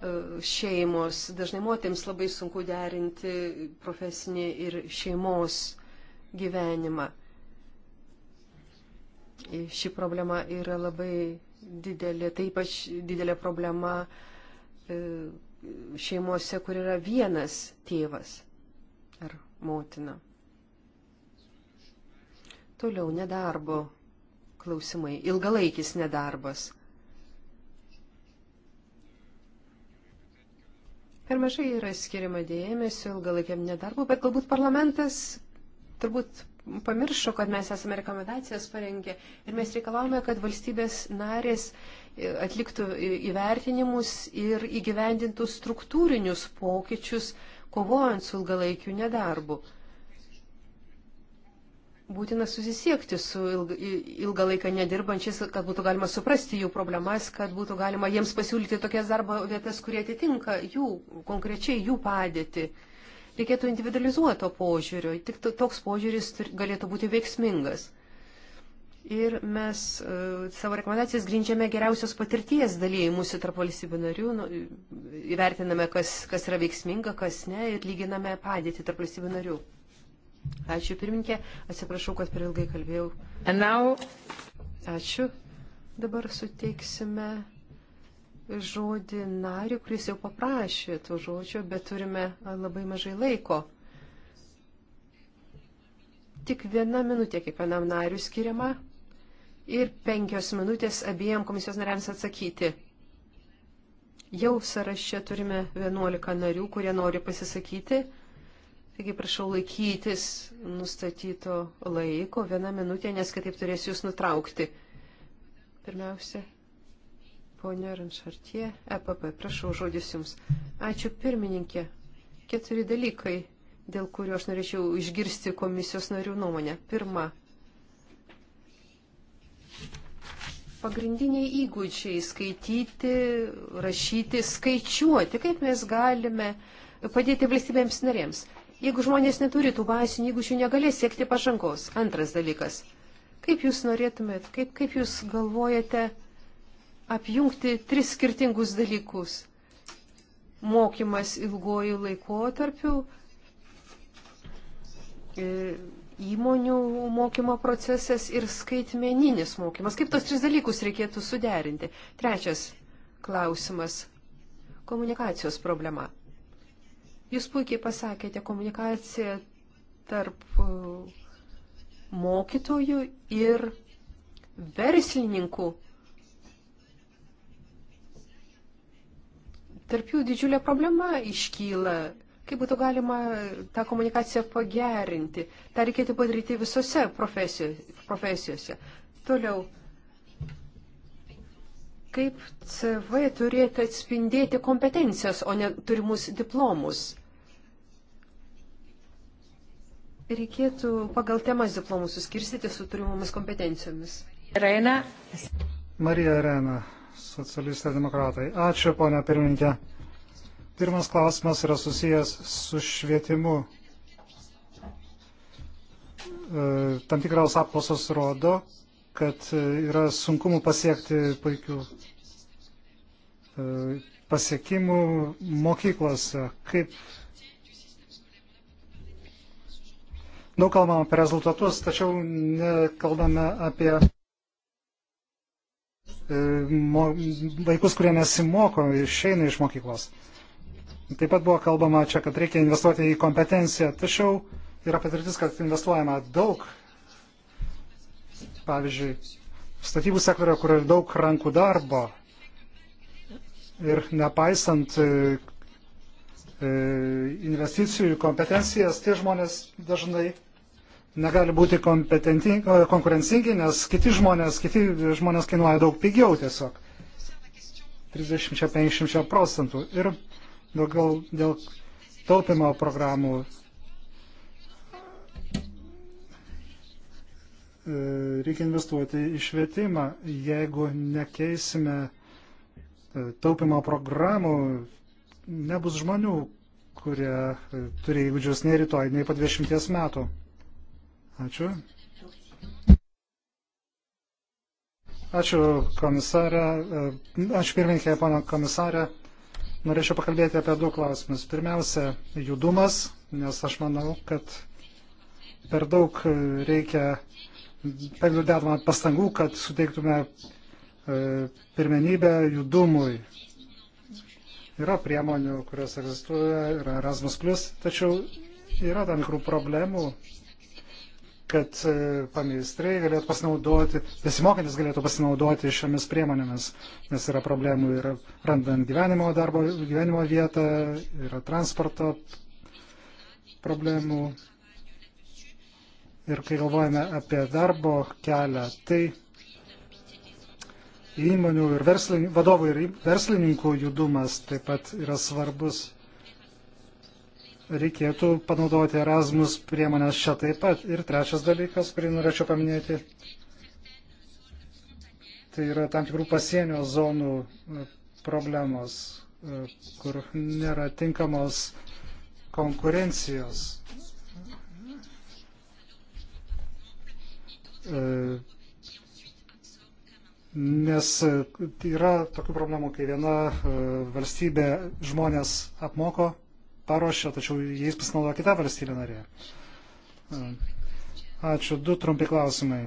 e, šeimos. Dažnai motėms labai sunku derinti profesinį ir šeimos gyvenimą. E, ši problema yra labai didelė, taip pat didelė problema e, šeimose, kur yra vienas tėvas ar motina. Toliau nedarbo klausimai. Ilgalaikis nedarbas. Per mažai yra skiriama dėmesio ilgalaikiam nedarbu, bet galbūt parlamentas turbūt pamiršo, kad mes esame rekomendacijas parengę ir mes reikalavome, kad valstybės narės atliktų įvertinimus ir įgyvendintų struktūrinius pokyčius, kovojant su ilgalaikiu nedarbu būtina susisiekti su ilgą laiką nedirbančiais, kad būtų galima suprasti jų problemas, kad būtų galima jiems pasiūlyti tokias darbo vietas, kurie atitinka jų, konkrečiai jų padėti. Reikėtų individualizuoto požiūrio, tik toks požiūris galėtų būti veiksmingas. Ir mes uh, savo rekomendacijas grindžiame geriausios patirties dalyjimusi tarp valstybių narių, nu, įvertiname, kas, kas yra veiksminga, kas ne, ir lyginame padėtį tarp valstybių narių. Ačiū pirminkė, atsiprašau, kad per ilgai kalbėjau. Now... Ačiū. Dabar suteiksime žodį nariu, kuris jau paprašė to žodžio, bet turime labai mažai laiko. Tik viena minutė kiekvienam nariu skiriama ir penkios minutės abiem komisijos nariams atsakyti. Jau sąraše turime 11 narių, kurie nori pasisakyti. Taigi prašau laikytis nustatyto laiko vieną minutę, nes kitaip turėsiu jūs nutraukti. Pirmiausia, ponė Ranšartie, EPP, prašau žodis jums. Ačiū pirmininkė. Keturi dalykai, dėl kurių aš norėčiau išgirsti komisijos narių nuomonę. Pirma, pagrindiniai įgūdžiai - skaityti, rašyti, skaičiuoti, kaip mes galime padėti valstybėms narėms jeigu žmonės neturi tų bazinių įgūdžių, negalės siekti pažangos. Antras dalykas. Kaip jūs norėtumėt, kaip, kaip jūs galvojate apjungti tris skirtingus dalykus? Mokymas ilgojų laikotarpių, e, įmonių mokymo procesas ir skaitmeninis mokymas. Kaip tos tris dalykus reikėtų suderinti? Trečias klausimas - komunikacijos problema. Jūs puikiai pasakėte, komunikacija tarp e, mokytojų ir verslininkų. Tarp jų didžiulė problema iškyla. Kaip būtų galima tą komunikaciją pagerinti? Ta reikėtų padaryti visose profesijose. Toliau, kaip CV turėtų atspindėti kompetencijas, o ne turimus diplomus? Reikėtų pagal temas diplomų suskirstyti su turimomis kompetencijomis. Reina. Marija Reina, socialistai demokratai. Ačiū, ponia pirmininkė. Pirmas klausimas yra susijęs su švietimu. E, tam tikros apklausos rodo, kad yra sunkumų pasiekti puikių e, pasiekimų mokyklose. Kaip Daug kalbam apie rezultatus, tačiau kalbame apie e, vaikus, kurie nesimoko, išeina iš mokyklos. Taip pat buvo kalbama čia, kad reikia investuoti į kompetenciją, tačiau yra patirtis, kad investuojama daug. Pavyzdžiui, statybų sektorio, kur yra daug rankų darbo ir nepaisant e, E, investicijų kompetencijas, tie žmonės dažnai negali būti e, konkurencingi, nes kiti žmonės, kiti žmonės kainuoja daug pigiau tiesiog. 30-50 procentų. Ir daugiau dėl taupimo programų e, reikia investuoti į švietimą. Jeigu nekeisime taupimo programų, nebus žmonių, kurie e, turi įgūdžius nei rytoj, nei po 20 metų. Ačiū. Ačiū komisarė, e, ačiū pirmininkė, pana komisarė. Norėčiau pakalbėti apie du klausimus. Pirmiausia, judumas, nes aš manau, kad per daug e, reikia, per daug dedama pastangų, kad suteiktume pirmenybę judumui. Yra priemonių, kurios egzistuoja, yra Erasmus, tačiau yra tam tikrų problemų, kad e, pameistriai galėtų pasinaudoti, besimokantis galėtų pasinaudoti šiomis priemonėmis, nes yra problemų ir randant gyvenimo, darbo, gyvenimo vietą, yra transporto problemų. Ir kai galvojame apie darbo kelią, tai įmonių ir verslin, vadovų ir verslininkų judumas taip pat yra svarbus. Reikėtų panaudoti Erasmus priemonės čia taip pat. Ir trečias dalykas, kurį norėčiau paminėti, tai yra tam tikrų pasienio zonų e, problemos, e, kur nėra tinkamos konkurencijos e, Nes e, yra tokių problemų, kai viena e, valstybė žmonės apmoko, paruošia, tačiau jais pasinaudoja kita valstybė narė. E, ačiū. Du trumpi klausimai.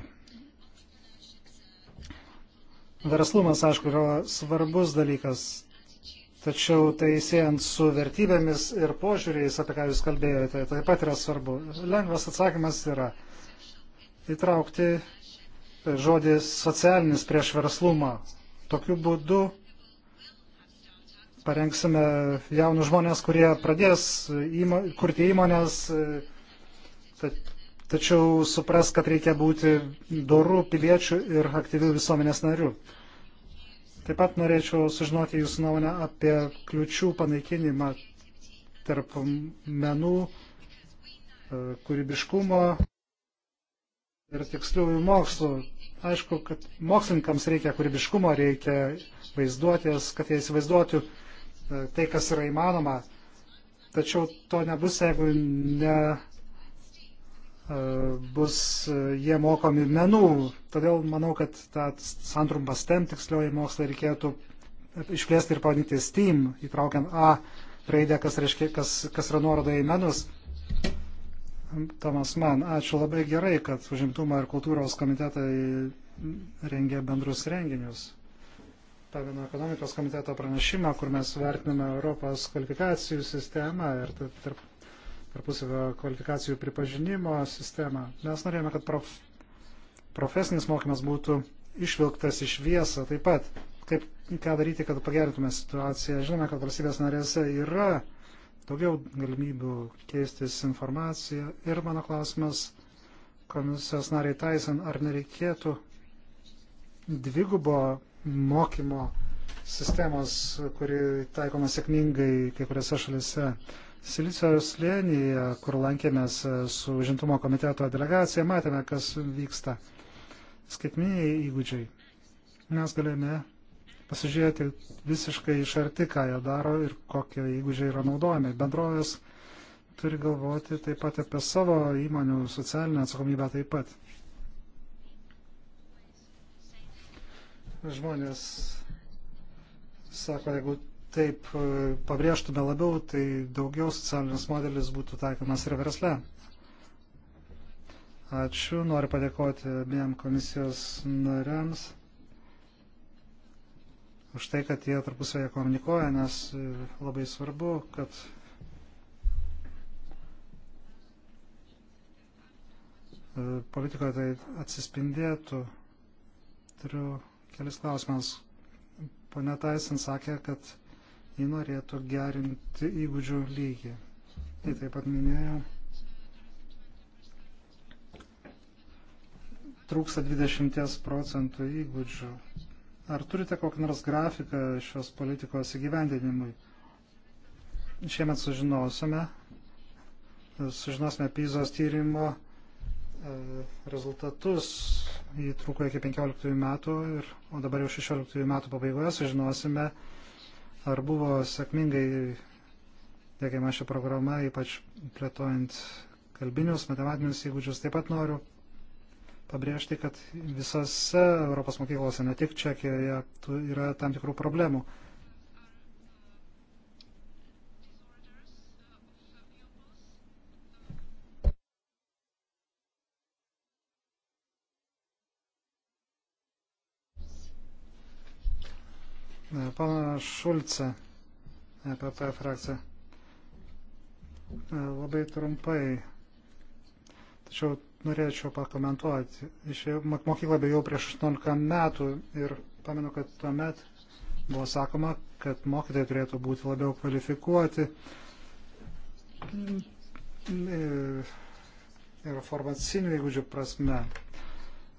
Verslumas, aišku, yra svarbus dalykas, tačiau tai siejant su vertybėmis ir požiūriais, apie ką Jūs kalbėjote, taip pat yra svarbu. Lengvas atsakymas yra įtraukti žodį socialinis prieš verslumą. Tokiu būdu parengsime jaunus žmonės, kurie pradės įmo, kurti įmonės, tačiau supras, kad reikia būti dorų piliečių ir aktyvių visuomenės narių. Taip pat norėčiau sužinoti jūsų nuomonę apie kliučių panaikinimą tarp menų, e, kūrybiškumo ir tiksliųjų mokslų. Aišku, kad mokslininkams reikia kūrybiškumo, reikia vaizduotės, kad jie įsivaizduotų e, tai, kas yra įmanoma. Tačiau to nebus, jeigu ne, e, bus e, jie mokomi menų. Todėl manau, kad tą santrumpą STEM tikslioji mokslą reikėtų išplėsti ir pavadinti STEAM, įtraukiant A raidę, kas, reiškia, kas, kas yra nuoroda į menus. Tomas Man. Ačiū labai gerai, kad užimtumo ir kultūros komitetai rengia bendrus renginius. Pamenu ekonomikos komiteto pranešimą, kur mes vertiname Europos kvalifikacijų sistemą ir tarp, tarpusavio kvalifikacijų pripažinimo sistemą. Mes norėjome, kad prof, profesinis mokymas būtų išvilktas iš viesą taip pat. Kaip ką daryti, kad pagerintume situaciją. Žinome, kad valstybės narėse yra daugiau galimybių keistis informaciją. Ir mano klausimas komisijos nariai Tyson, ar nereikėtų dvigubo mokymo sistemos, kuri taikoma sėkmingai kai kuriuose šalise. Silicio slėnyje, kur lankėmės su žintumo komiteto delegacija, matėme, kas vyksta. Skaitminiai įgūdžiai. Mes galėjome pasižiūrėti visiškai iš arti, ką jie daro ir kokie įgūdžiai yra naudojami. Bendrovės turi galvoti taip pat apie savo įmonių socialinę atsakomybę taip pat. Žmonės sako, jeigu taip e, pabrėžtume labiau, tai daugiau socialinis modelis būtų taikomas ir versle. Ačiū, noriu padėkoti abiem komisijos nariams už tai, kad jie tarpusavėje komunikuoja, nes e, labai svarbu, kad e, politikoje tai atsispindėtų. Turiu kelis klausimus. Pane Taisin sakė, kad jį norėtų gerinti įgūdžių lygį. Jį taip pat minėjo. Trūksta 20 procentų įgūdžių. Ar turite kokį nors grafiką šios politikos įgyvendinimui? Šiemet sužinosime, sužinosime PIZOS tyrimo e, rezultatus, jį truko iki 15 metų, ir, o dabar jau 16 metų pabaigoje sužinosime, ar buvo sėkmingai dėkiama ši programa, ypač plėtojant kalbinius, matematinius įgūdžius. Taip pat noriu pabrėžti, kad visose Europos mokyklose, ne tik Čekijoje, yra tam tikrų problemų. Pana Šulce, EPP frakcija. E, labai trumpai. Tačiau norėčiau pakomentuoti. Išėjau mokyklą bejau prieš 18 metų ir pamenu, kad tuomet buvo sakoma, kad mokytojai turėtų būti labiau kvalifikuoti e, ir formacinių įgūdžių prasme.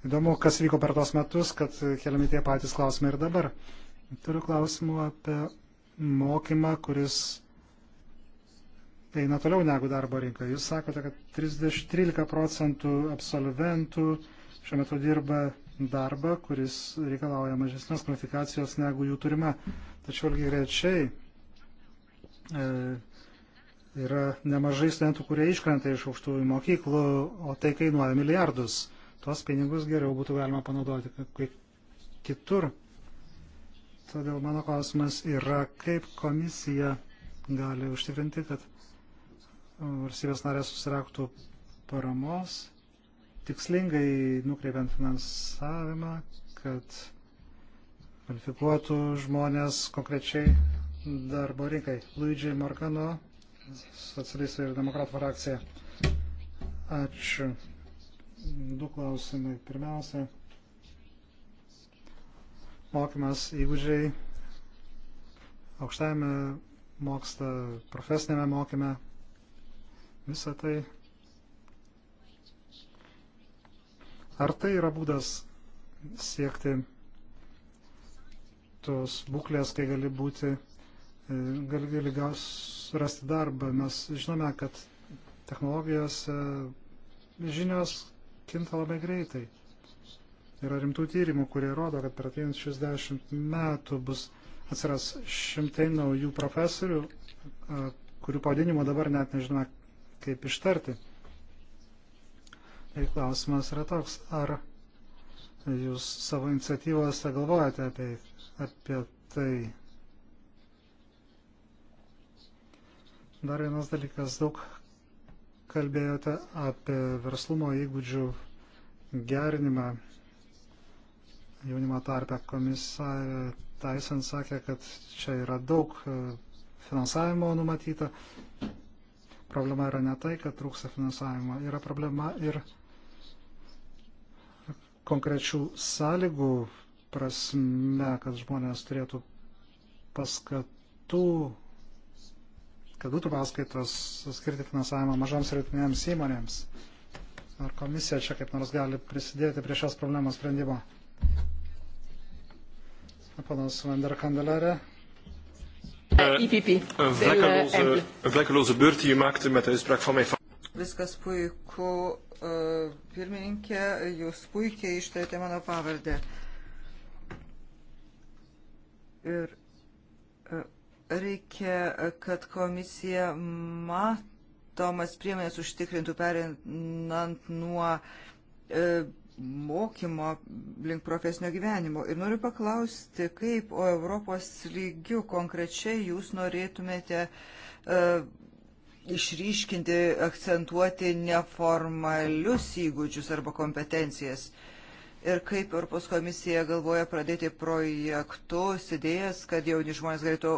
Įdomu, kas vyko per tos metus, kad keliami tie patys klausimai ir dabar. Turiu klausimų apie mokymą, kuris Tai eina toliau negu darbo rinka. Jūs sakote, kad 30, 13 procentų absolventų šiuo metu dirba darbą, kuris reikalauja mažesnės kvalifikacijos negu jų turima. Tačiau lygiai grečiai e, yra nemažai studentų, kurie iškrenta iš aukštųjų mokyklų, o tai kainuoja milijardus. Tuos pinigus geriau būtų galima panaudoti kaip kitur. Todėl mano klausimas yra, kaip komisija gali užtikrinti, kad valstybės narės susiraktų paramos, tikslingai nukreipiant finansavimą, kad kvalifikuotų žmonės konkrečiai darbo rinkai. Luidžiai Morgano, socialistų ir demokratų frakcija. Ačiū. Du klausimai. Pirmiausia, mokymas įgūdžiai aukštajame moksle, profesinėme mokyme Visą tai. Ar tai yra būdas siekti tos būklės, kai gali būti, e, gali, gali gaus, rasti darbą. Mes žinome, kad technologijos žinios kinta labai greitai. Yra rimtų tyrimų, kurie rodo, kad per 60 metų bus atsiras šimtai naujų profesorių, kurių pavadinimo dabar net nežinome, kaip ištarti. Tai klausimas yra toks, ar jūs savo iniciatyvose galvojate apie, apie tai. Dar vienas dalykas, daug kalbėjote apie verslumo įgūdžių gerinimą jaunimo tarpe. Komisarė Tyson sakė, kad čia yra daug e, finansavimo numatyta problema yra ne tai, kad trūksta finansavimo, yra problema ir konkrečių sąlygų prasme, kad žmonės turėtų paskatų, kad būtų paskaitos skirti finansavimą mažoms ir vidutinėms įmonėms. Ar komisija čia kaip nors gali prisidėti prie šios problemos sprendimo? Panas Vanderkandelerė. Eh, eh, IPP. Eh, vlekkeloze, vlekkeloze beurt, jį makti met uitspraak van mij. Viskas puiku, pirmininkė, jūs puikiai ištarėte mano pavardę. Ir reikia, kad komisija matomas priemonės užtikrintų perinant nuo mokymo link profesinio gyvenimo. Ir noriu paklausti, kaip o Europos lygių konkrečiai jūs norėtumėte uh, išryškinti, akcentuoti neformalius įgūdžius arba kompetencijas. Ir kaip Europos komisija galvoja pradėti projektus, idėjas, kad jauni žmonės galėtų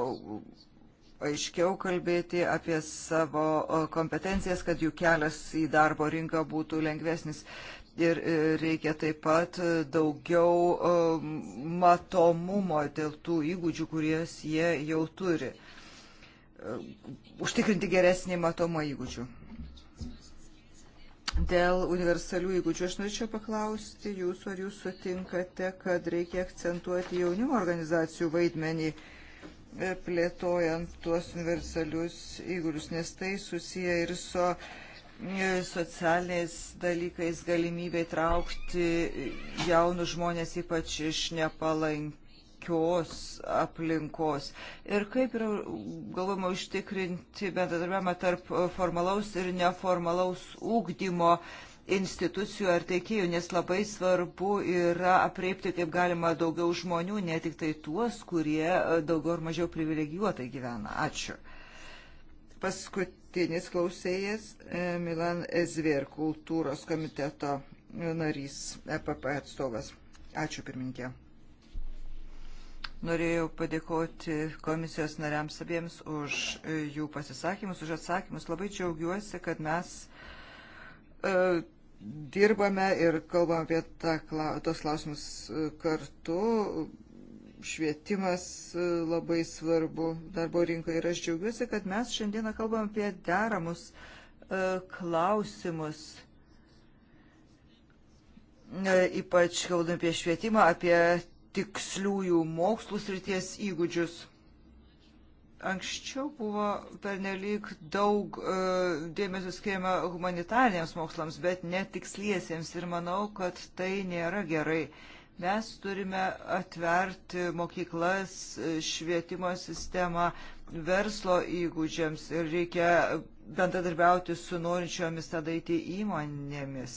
aiškiau kalbėti apie savo kompetencijas, kad jų kelias į darbo rinką būtų lengvesnis. Ir e, reikia taip pat e, daugiau e, matomumo dėl tų įgūdžių, kurias jie jau turi. Užtikrinti geresnį matomą įgūdžių. Dėl universalių įgūdžių aš norėčiau paklausti jūsų, ar jūs sutinkate, kad reikia akcentuoti jaunimo organizacijų vaidmenį plėtojant tuos universalius įgūdžius, nes tai susiję ir su so socialiniais dalykais galimybė traukti jaunus žmonės ypač iš nepalankios aplinkos. Ir kaip yra galvojama užtikrinti bendradarbiavimą tarp formalaus ir neformalaus ūkdymo institucijų ar teikėjų, nes labai svarbu yra apreipti kaip galima daugiau žmonių, ne tik tai tuos, kurie daugiau ar mažiau privilegijuotai gyvena. Ačiū. Paskutinis klausėjas e, Milan Ezver, kultūros komiteto narys, EPP atstovas. Ačiū pirminkė. Norėjau padėkoti komisijos nariams abiems už e, jų pasisakymus, už atsakymus. Labai džiaugiuosi, kad mes e, dirbame ir kalbam apie tą, tos klausimus e, kartu švietimas e, labai svarbu darbo rinkoje ir aš džiaugiuosi, kad mes šiandieną kalbam apie deramus e, klausimus, e, ypač kalbant apie švietimą, apie tiksliųjų mokslų srities įgūdžius. Anksčiau buvo pernelyg daug dėmesio skiriama humanitariniams mokslams, bet netiksliesiems ir manau, kad tai nėra gerai Mes turime atverti mokyklas, e, švietimo sistemą verslo įgūdžiams ir reikia bendradarbiauti su norinčiomis tą daryti įmonėmis.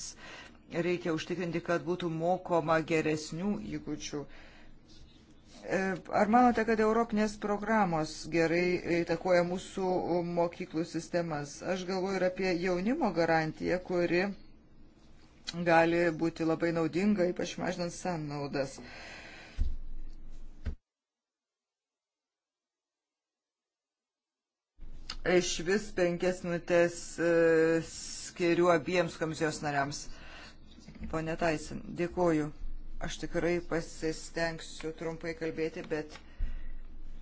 Reikia užtikrinti, kad būtų mokoma geresnių įgūdžių. E, ar manote, kad Europinės programos gerai įtakoja mūsų mokyklų sistemas? Aš galvoju ir apie jaunimo garantiją, kuri gali būti labai naudinga, ypač mažinant sąnaudas. Iš vis penkias minutės e, skiriu abiems komisijos nariams. Pone Taisin, dėkoju. Aš tikrai pasistengsiu trumpai kalbėti, bet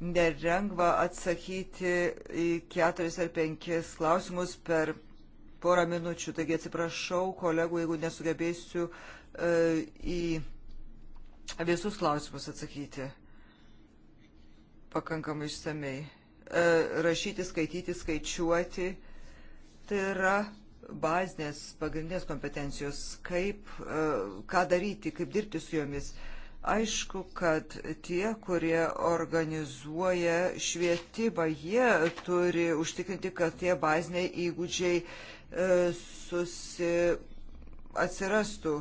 nerengva atsakyti į keturis ar penkis klausimus per porą minučių, taigi atsiprašau kolegų, jeigu nesugebėsiu e, į visus klausimus atsakyti pakankamai išsamei. E, rašyti, skaityti, skaičiuoti, tai yra bazinės pagrindinės kompetencijos, kaip, e, ką daryti, kaip dirbti su jomis. Aišku, kad tie, kurie organizuoja švietimą, jie turi užtikrinti, kad tie baziniai įgūdžiai E, susi atsirastų.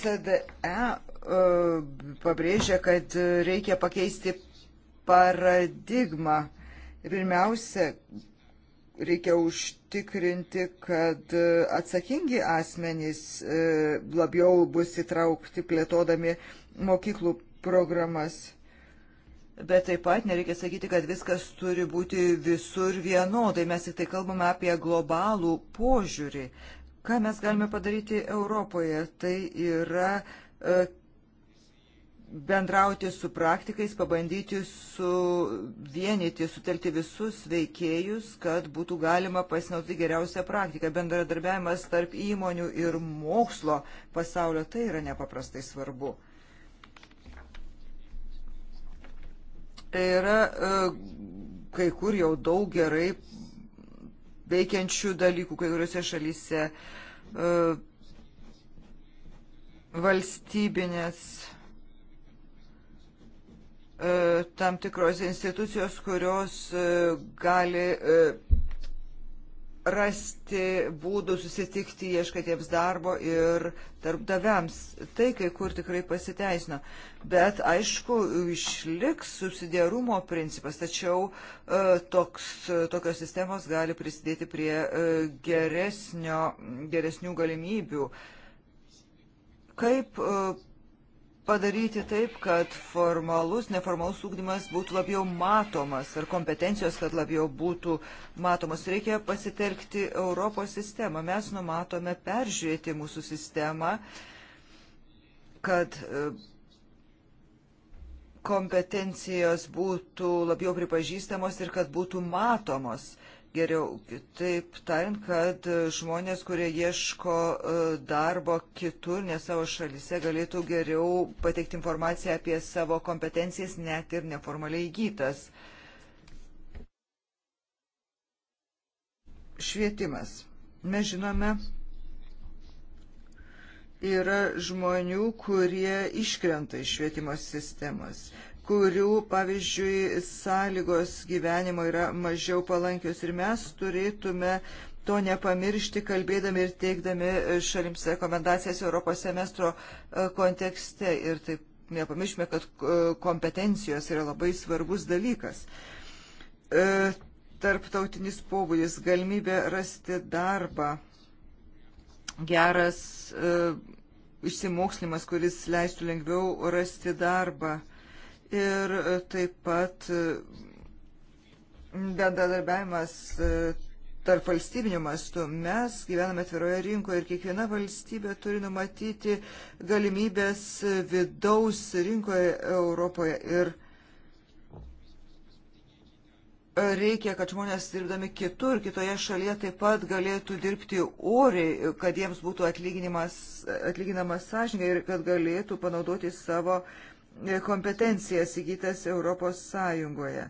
CDE e, pabrėžia, kad reikia pakeisti paradigmą. Pirmiausia, reikia užtikrinti, kad atsakingi asmenys e, labiau bus įtraukti plėtodami mokyklų programas bet taip pat nereikia sakyti, kad viskas turi būti visur vienodai. Mes tik tai kalbame apie globalų požiūrį. Ką mes galime padaryti Europoje? Tai yra e, bendrauti su praktikais, pabandyti suvienyti, sutelkti visus veikėjus, kad būtų galima pasinauti geriausią praktiką. Bendradarbiavimas tarp įmonių ir mokslo pasaulio tai yra nepaprastai svarbu. Yra e, kai kur jau daug gerai veikiančių dalykų kai kuriuose šalyse e, valstybinės e, tam tikros institucijos, kurios gali rasti būdų susitikti ieškatiems darbo ir darbdaviams. Tai kai kur tikrai pasiteisino. Bet aišku, išliks susidėrumo principas, tačiau e, toks, tokios sistemos gali prisidėti prie e, geresnio, geresnių galimybių. Kaip e, padaryti taip, kad formalus, neformalus ūkdymas būtų labiau matomas ir kompetencijos, kad labiau būtų matomos. Reikia pasitelkti Europos sistemą. Mes numatome peržiūrėti mūsų sistemą, kad e, kompetencijos būtų labiau pripažįstamos ir kad būtų matomos geriau. Taip tariant, kad žmonės, kurie ieško e, darbo kitur, ne savo šalyse, galėtų geriau pateikti informaciją apie savo kompetencijas, net ir neformaliai įgytas. Švietimas. Mes žinome, yra žmonių, kurie iškrenta iš švietimo sistemos kurių, pavyzdžiui, sąlygos gyvenimo yra mažiau palankios. Ir mes turėtume to nepamiršti, kalbėdami ir teikdami šalims rekomendacijas Europos semestro e, kontekste. Ir taip nepamiršime, kad e, kompetencijos yra labai svarbus dalykas. E, tarptautinis pobūdis, galimybė rasti darbą, geras išsimokslimas, kuris leistų lengviau rasti darbą ir taip pat e, bendradarbiavimas e, tarp valstybinių mastų. Mes gyvename atviroje rinkoje ir kiekviena valstybė turi numatyti galimybės vidaus rinkoje Europoje. Ir reikia, kad žmonės dirbdami kitur, kitoje šalyje taip pat galėtų dirbti oriai, kad jiems būtų atlyginamas sąžininkai ir kad galėtų panaudoti savo uh, kompetencijas įgytas Europos Sąjungoje.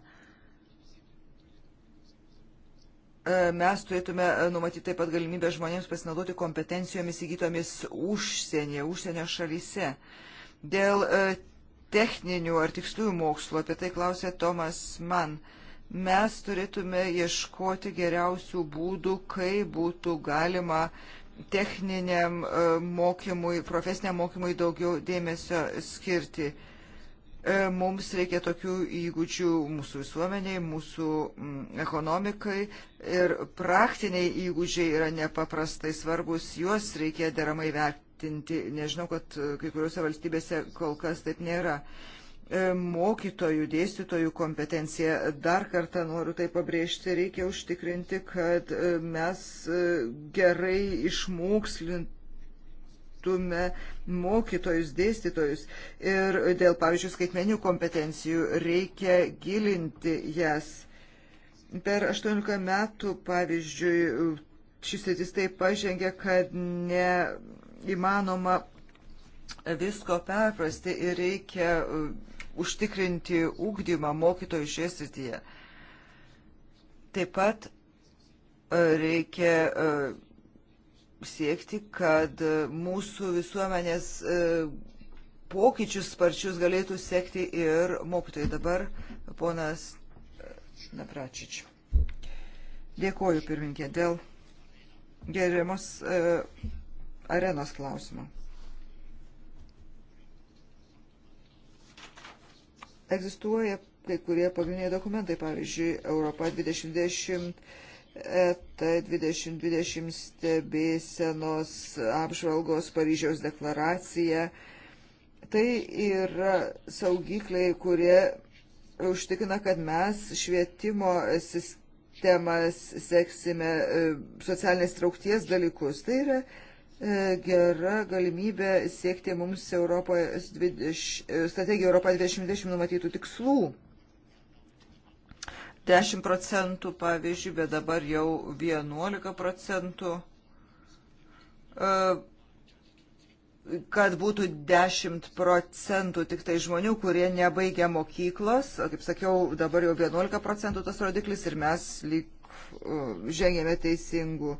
E, mes turėtume numatyti taip pat galimybę žmonėms pasinaudoti kompetencijomis įgytomis užsienyje, užsienio šalyse. Dėl e, techninių ar tiksliųjų mokslo, apie tai klausė Tomas Mann mes turėtume ieškoti geriausių būdų, kaip būtų galima techniniam e, mokymui, profesiniam mokymui daugiau dėmesio skirti. E, mums reikia tokių įgūdžių mūsų visuomeniai, mūsų ekonomikai ir praktiniai įgūdžiai yra nepaprastai svarbus, juos reikia deramai vertinti. Nežinau, kad e, kai kuriuose valstybėse kol kas taip nėra. E, mokytojų, dėstytojų kompetencija, dar kartą noriu tai pabrėžti, reikia užtikrinti, kad mes gerai išmokslint šviestume mokytojus, dėstytojus. Ir dėl, pavyzdžiui, skaitmenių kompetencijų reikia gilinti jas. Per 18 metų, pavyzdžiui, šis sėtis taip pažengė, kad neįmanoma visko perprasti ir reikia uh, užtikrinti ūkdymą mokytojų šioje srityje. Taip pat uh, reikia uh, siekti, kad mūsų visuomenės e, pokyčius sparčius galėtų sekti ir mokytojai. Dabar ponas e, Napračičiu. Dėkoju, pirminkė, dėl geriamos uh, arenos klausimo. Egzistuoja kai kurie pagrindiniai dokumentai, pavyzdžiui, Europa 2020 ET 2020 stebėsenos apžvalgos Paryžiaus deklaracija. Tai yra saugikliai, kurie užtikrina, kad mes švietimo sistemas seksime e, socialinės traukties dalykus. Tai yra e, gera galimybė siekti mums Europoje, strategija Europa 2020 numatytų tikslų. 10 procentų, pavyzdžiui, bet dabar jau 11 procentų, e, kad būtų 10 procentų tik tai žmonių, kurie nebaigia mokyklos, kaip sakiau, dabar jau 11 procentų tas rodiklis ir mes lyg e, žengėme teisingų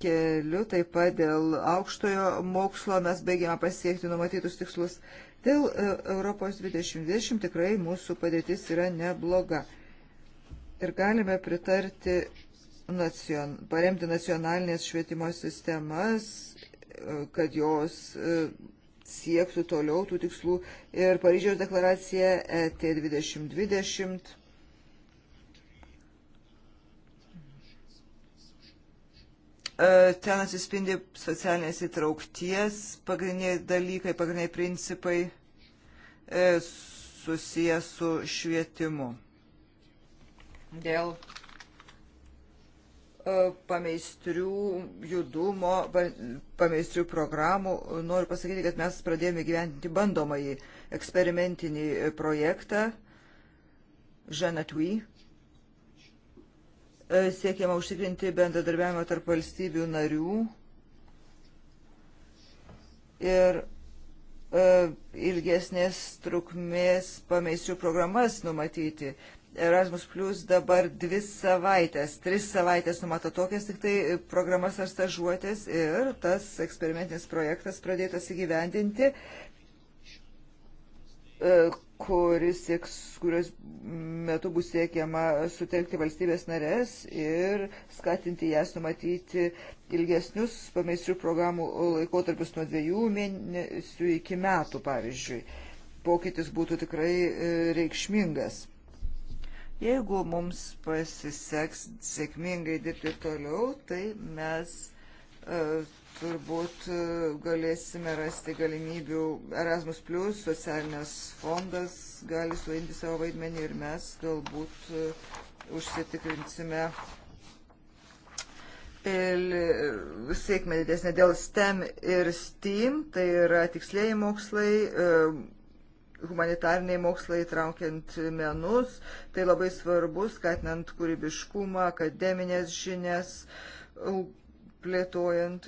keliu, taip pat dėl aukštojo mokslo mes baigėme pasiekti numatytus tikslus. Dėl e, Europos 2020 tikrai mūsų padėtis yra nebloga ir galime pritarti, nacion, paremti nacionalinės švietimo sistemas, e, kad jos e, siektų toliau tų tikslų ir Paryžiaus deklaracija ET 2020. E, ten atsispindi socialinės įtraukties pagrindiniai dalykai, pagrindiniai principai susijęs su švietimu dėl e, pameistrių judumo, pameistrių programų. Noriu pasakyti, kad mes pradėjome gyventi bandomąjį eksperimentinį projektą Žanatui. E, siekiama užtikrinti bendradarbiavimą tarp valstybių narių ir e, ilgesnės trukmės pameistrių programas numatyti. Erasmus Plus dabar dvi savaitės, tris savaitės numato tokias tik tai programas ar stažuotės ir tas eksperimentinis projektas pradėtas įgyvendinti, e, kuris, kurios metu bus siekiama sutelkti valstybės narės ir skatinti jas numatyti ilgesnius pameistrių programų laikotarpius nuo dviejų mėnesių iki metų, pavyzdžiui. Pokytis būtų tikrai e, reikšmingas Jeigu mums pasiseks sėkmingai dirbti toliau, tai mes e, turbūt e, galėsime rasti galimybių. Erasmus Plus, socialinės fondas gali suvaidinti savo vaidmenį ir mes galbūt e, užsitikrinsime sėkmę didesnė dėl STEM ir STEAM, tai yra tikslėjai mokslai, humanitariniai mokslai įtraukiant menus. Tai labai svarbu, skatinant kūrybiškumą, akademinės žinias, plėtojant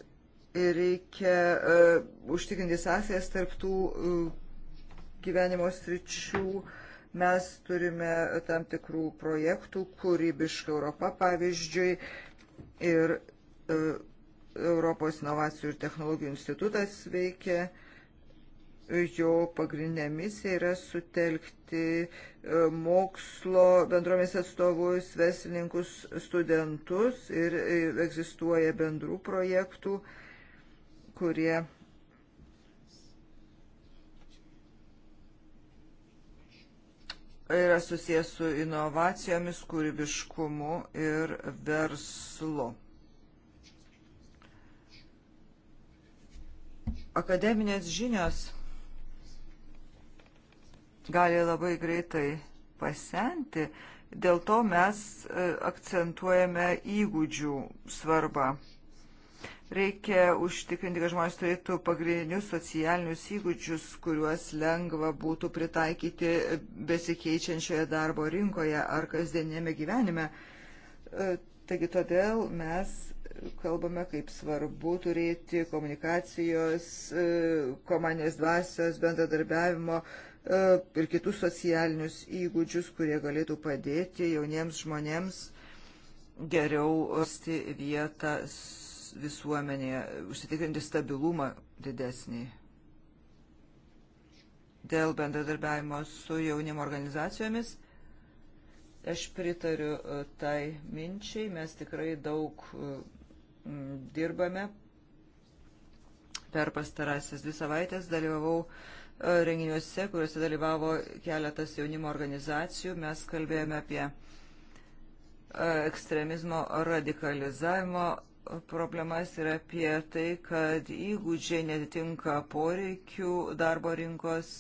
ir reikia uh, užtikrinti sąsajas tarp tų uh, gyvenimo sričių. Mes turime tam tikrų projektų, kūrybiška Europa pavyzdžiui ir uh, Europos inovacijų ir technologijų institutas veikia. Uh, jo pagrindinė misija yra sutelkti e, mokslo bendromis atstovus, verslininkus, studentus ir e, egzistuoja bendrų projektų, kurie yra susijęs su inovacijomis, kūrybiškumu ir verslu. Akademinės žinios gali labai greitai pasenti. Dėl to mes e, akcentuojame įgūdžių svarbą. Reikia užtikrinti, kad žmonės turėtų pagrindinius socialinius įgūdžius, kuriuos lengva būtų pritaikyti besikeičiančioje darbo rinkoje ar kasdienėme gyvenime. E, taigi todėl mes kalbame, kaip svarbu turėti komunikacijos, e, komandinės dvasios, bendradarbiavimo E, ir kitus socialinius įgūdžius, kurie galėtų padėti jauniems žmonėms geriau rasti vietą visuomenėje, užsitikrinti stabilumą didesnį. Dėl bendradarbiavimo su jaunimo organizacijomis aš pritariu e, tai minčiai, mes tikrai daug e, dirbame. Per pastarąsias dvi savaitės dalyvavau uh, renginiuose, kuriuose dalyvavo keletas jaunimo organizacijų. Mes kalbėjome apie e, ekstremizmo radikalizavimo problemas ir apie tai, kad įgūdžiai netitinka poreikių darbo rinkos.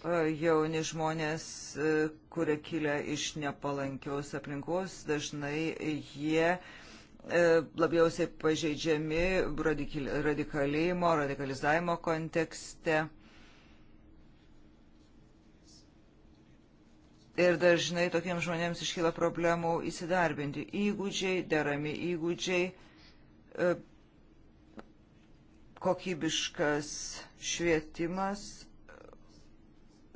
E, jauni žmonės, e, kurie kilia iš nepalankios aplinkos, dažnai jie E, labiausiai pažeidžiami radikalėjimo, radikalizavimo kontekste. Ir dažnai tokiems žmonėms iškyla problemų įsidarbinti. Įgūdžiai, derami įgūdžiai, e, kokybiškas švietimas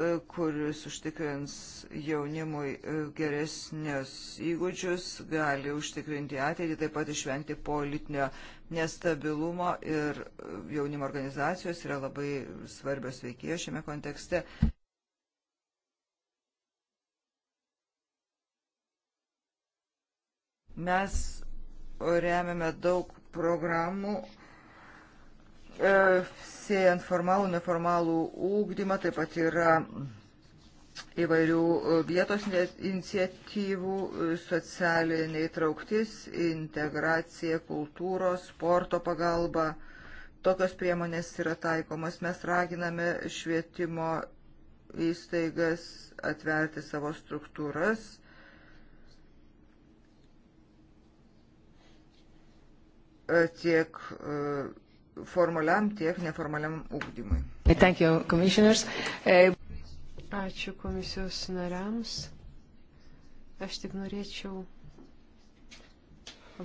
E, kuris užtikrins jaunimui e, geresnius įgūdžius, gali užtikrinti ateitį, taip pat išvengti politinio nestabilumo ir e, jaunimo organizacijos yra labai svarbios veikėjos šiame kontekste. Mes remiame daug programų E, siejant formalų, neformalų ūkdymą, taip pat yra įvairių e, vietos iniciatyvų, e, socialinė įtrauktis, integracija, kultūros, sporto pagalba. Tokios priemonės yra taikomas. Mes raginame švietimo įstaigas atverti savo struktūras. tiek formaliam, tiek neformaliam ūkdymui. Eh, Ačiū komisijos nariams. Aš tik norėčiau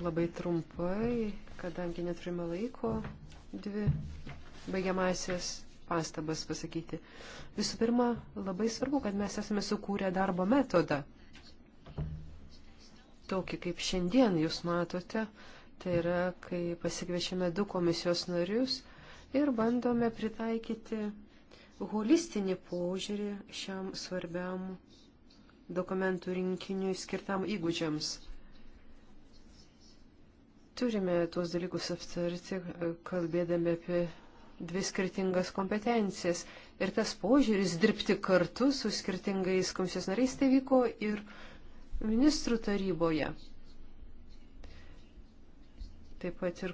labai trumpai, kadangi neturime laiko, dvi baigiamasias pastabas pasakyti. Visų pirma, labai svarbu, kad mes esame sukūrę darbo metodą. Tokį kaip šiandien jūs matote, Tai yra, kai pasikviečiame du komisijos narius ir bandome pritaikyti holistinį požiūrį šiam svarbiam dokumentų rinkiniui skirtam įgūdžiams. Turime tuos dalykus aptarti, kalbėdami apie dvi skirtingas kompetencijas. Ir tas požiūris dirbti kartu su skirtingais komisijos nariais tai vyko ir ministrų taryboje taip pat ir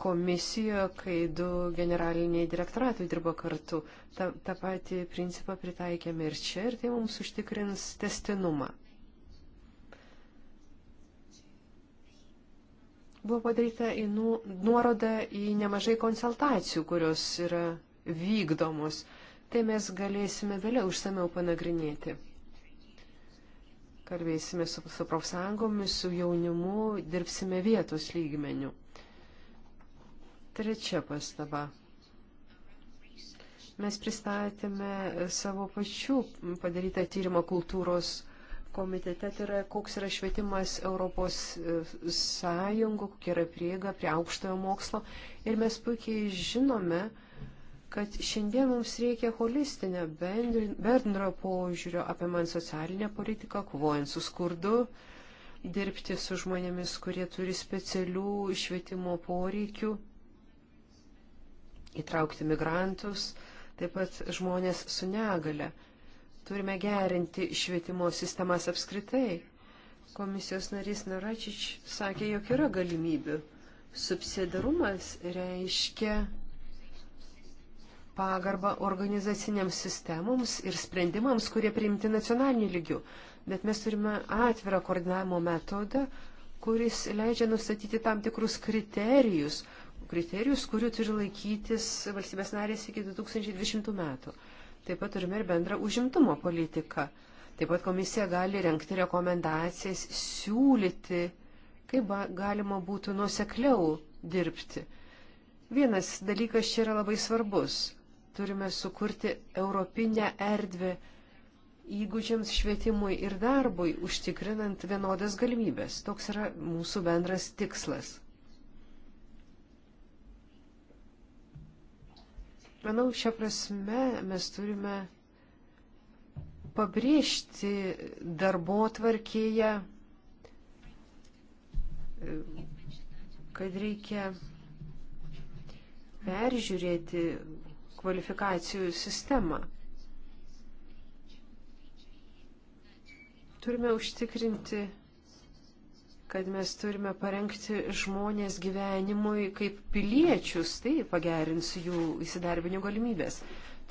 komisijoje, kai du generaliniai direktoratai dirba kartu. Ta, tą patį principą pritaikėme ir čia, ir tai mums užtikrins testinumą. Buvo padaryta į nu, nuorodą į nemažai konsultacijų, kurios yra vykdomos. Tai mes galėsime vėliau užsameu panagrinėti kalbėsime su, su profsąjungomis, su jaunimu, dirbsime vietos lygmeniu. Trečia pastaba. Mes pristatėme savo pačių padarytą tyrimą kultūros komitete, tai yra koks yra švietimas Europos e, sąjungų, kokia yra prieiga prie aukštojo mokslo. Ir mes puikiai žinome, kad šiandien mums reikia holistinio bendro požiūrio apie man socialinę politiką, kovojant su skurdu, dirbti su žmonėmis, kurie turi specialių švietimo poreikių įtraukti migrantus, taip pat žmonės su negale. Turime gerinti švietimo sistemas apskritai. Komisijos narys Naračič sakė, jog yra galimybių. Subsidarumas reiškia pagarbą organizaciniams sistemoms ir sprendimams, kurie priimti nacionaliniu lygiu. Bet mes turime atvirą koordinavimo metodą, kuris leidžia nustatyti tam tikrus kriterijus, kriterijus, kurių turi laikytis valstybės narės iki 2020 metų. Taip pat turime ir bendrą užimtumo politiką. Taip pat komisija gali renkti rekomendacijas, siūlyti, kaip galima būtų nusekliau dirbti. Vienas dalykas čia yra labai svarbus. Turime sukurti europinę erdvę įgūdžiams, švietimui ir darbui, užtikrinant vienodas galimybės. Toks yra mūsų bendras tikslas. Manau, šią prasme mes turime pabrėžti darbo tvarkėje, kad reikia peržiūrėti kvalifikacijų sistemą. Turime užtikrinti kad mes turime parengti žmonės gyvenimui kaip piliečius, tai pagerins jų įsidarbinio galimybės.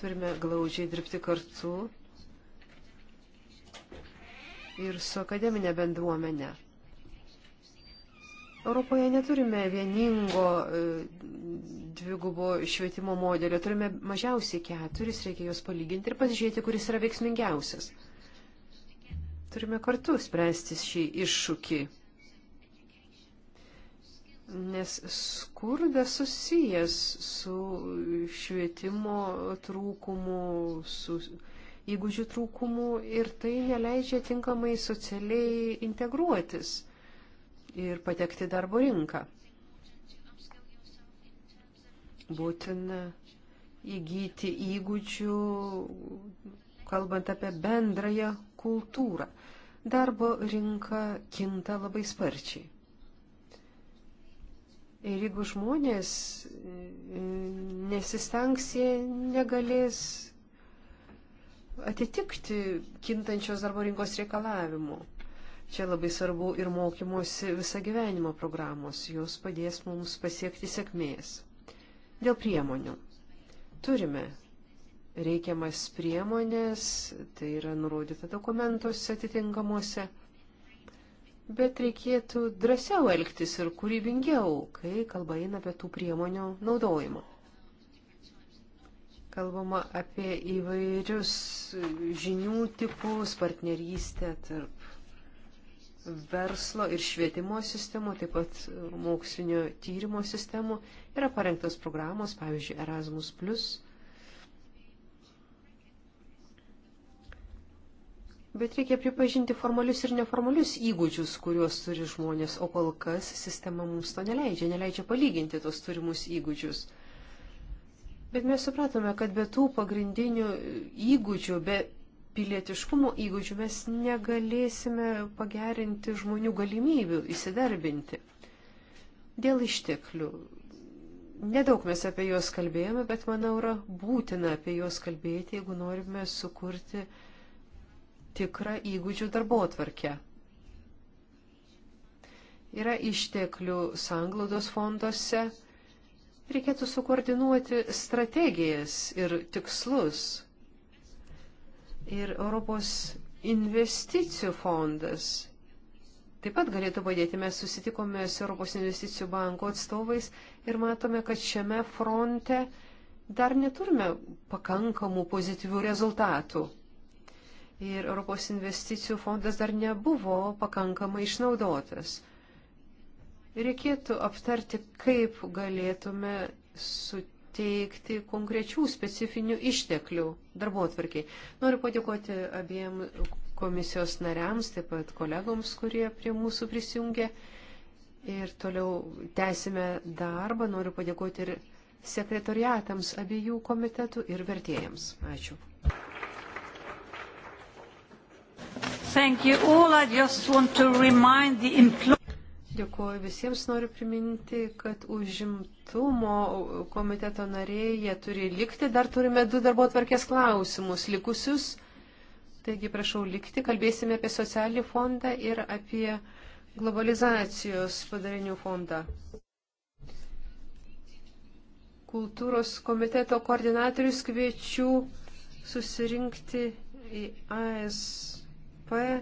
Turime glaudžiai dirbti kartu ir su akademinė bendruomenė. Europoje neturime vieningo e, dvigubo švietimo modelio, turime mažiausiai keturis, reikia juos palyginti ir pasižiūrėti, kuris yra veiksmingiausias. Turime kartu spręsti šį iššūkį nes skurdas susijęs su švietimo trūkumu, su įgūdžių trūkumu ir tai neleidžia tinkamai socialiai integruotis ir patekti darbo rinką. Būtina įgyti įgūdžių, kalbant apie bendrąją kultūrą. Darbo rinka kinta labai sparčiai. Ir jeigu žmonės e, nesistengs, jie negalės atitikti kintančios darbo rinkos reikalavimų. Čia labai svarbu ir mokymosi visą gyvenimą programos, jos padės mums pasiekti sėkmės. Dėl priemonių. Turime reikiamas priemonės, tai yra nurodyta dokumentuose atitinkamuose bet reikėtų drąsiau elgtis ir kūrybingiau, kai kalba eina apie tų priemonių naudojimą. Kalbama apie įvairius žinių tipus, partnerystę tarp verslo ir švietimo sistemų, taip pat mokslinio tyrimo sistemų. Yra parengtos programos, pavyzdžiui, Erasmus, Bet reikia pripažinti formalius ir neformalius įgūdžius, kuriuos turi žmonės, o kol kas sistema mums to neleidžia, neleidžia palyginti tos turimus įgūdžius. Bet mes supratome, kad be tų pagrindinių įgūdžių, be pilietiškumo įgūdžių mes negalėsime pagerinti žmonių galimybių įsidarbinti. Dėl išteklių. Nedaug mes apie juos kalbėjome, bet manau yra būtina apie juos kalbėti, jeigu norime sukurti uh, tikrą įgūdžių darbo atvarkę. Yra išteklių sanglaudos fonduose. Reikėtų sukoordinuoti strategijas ir tikslus. Ir Europos investicijų fondas taip pat galėtų padėti. Mes susitikome su Europos investicijų banko atstovais ir matome, kad šiame fronte dar neturime pakankamų pozityvių rezultatų ir Europos investicijų fondas dar nebuvo pakankamai išnaudotas. Reikėtų aptarti, kaip galėtume suteikti konkrečių specifinių išteklių darbo atvarkiai. Noriu padėkoti abiem komisijos nariams, taip pat kolegoms, kurie prie mūsų prisijungė. Ir toliau tęsime darbą. Noriu padėkoti ir sekretariatams abiejų komitetų ir vertėjams. Ačiū. Dėkuoju visiems, noriu priminti, kad užimtumo komiteto nariai, jie turi likti, dar turime du darbo atvarkės klausimus likusius. Taigi prašau likti, kalbėsime apie socialinį fondą ir apie globalizacijos padarinių fondą. Kultūros komiteto koordinatorius kviečiu susirinkti į AS EPP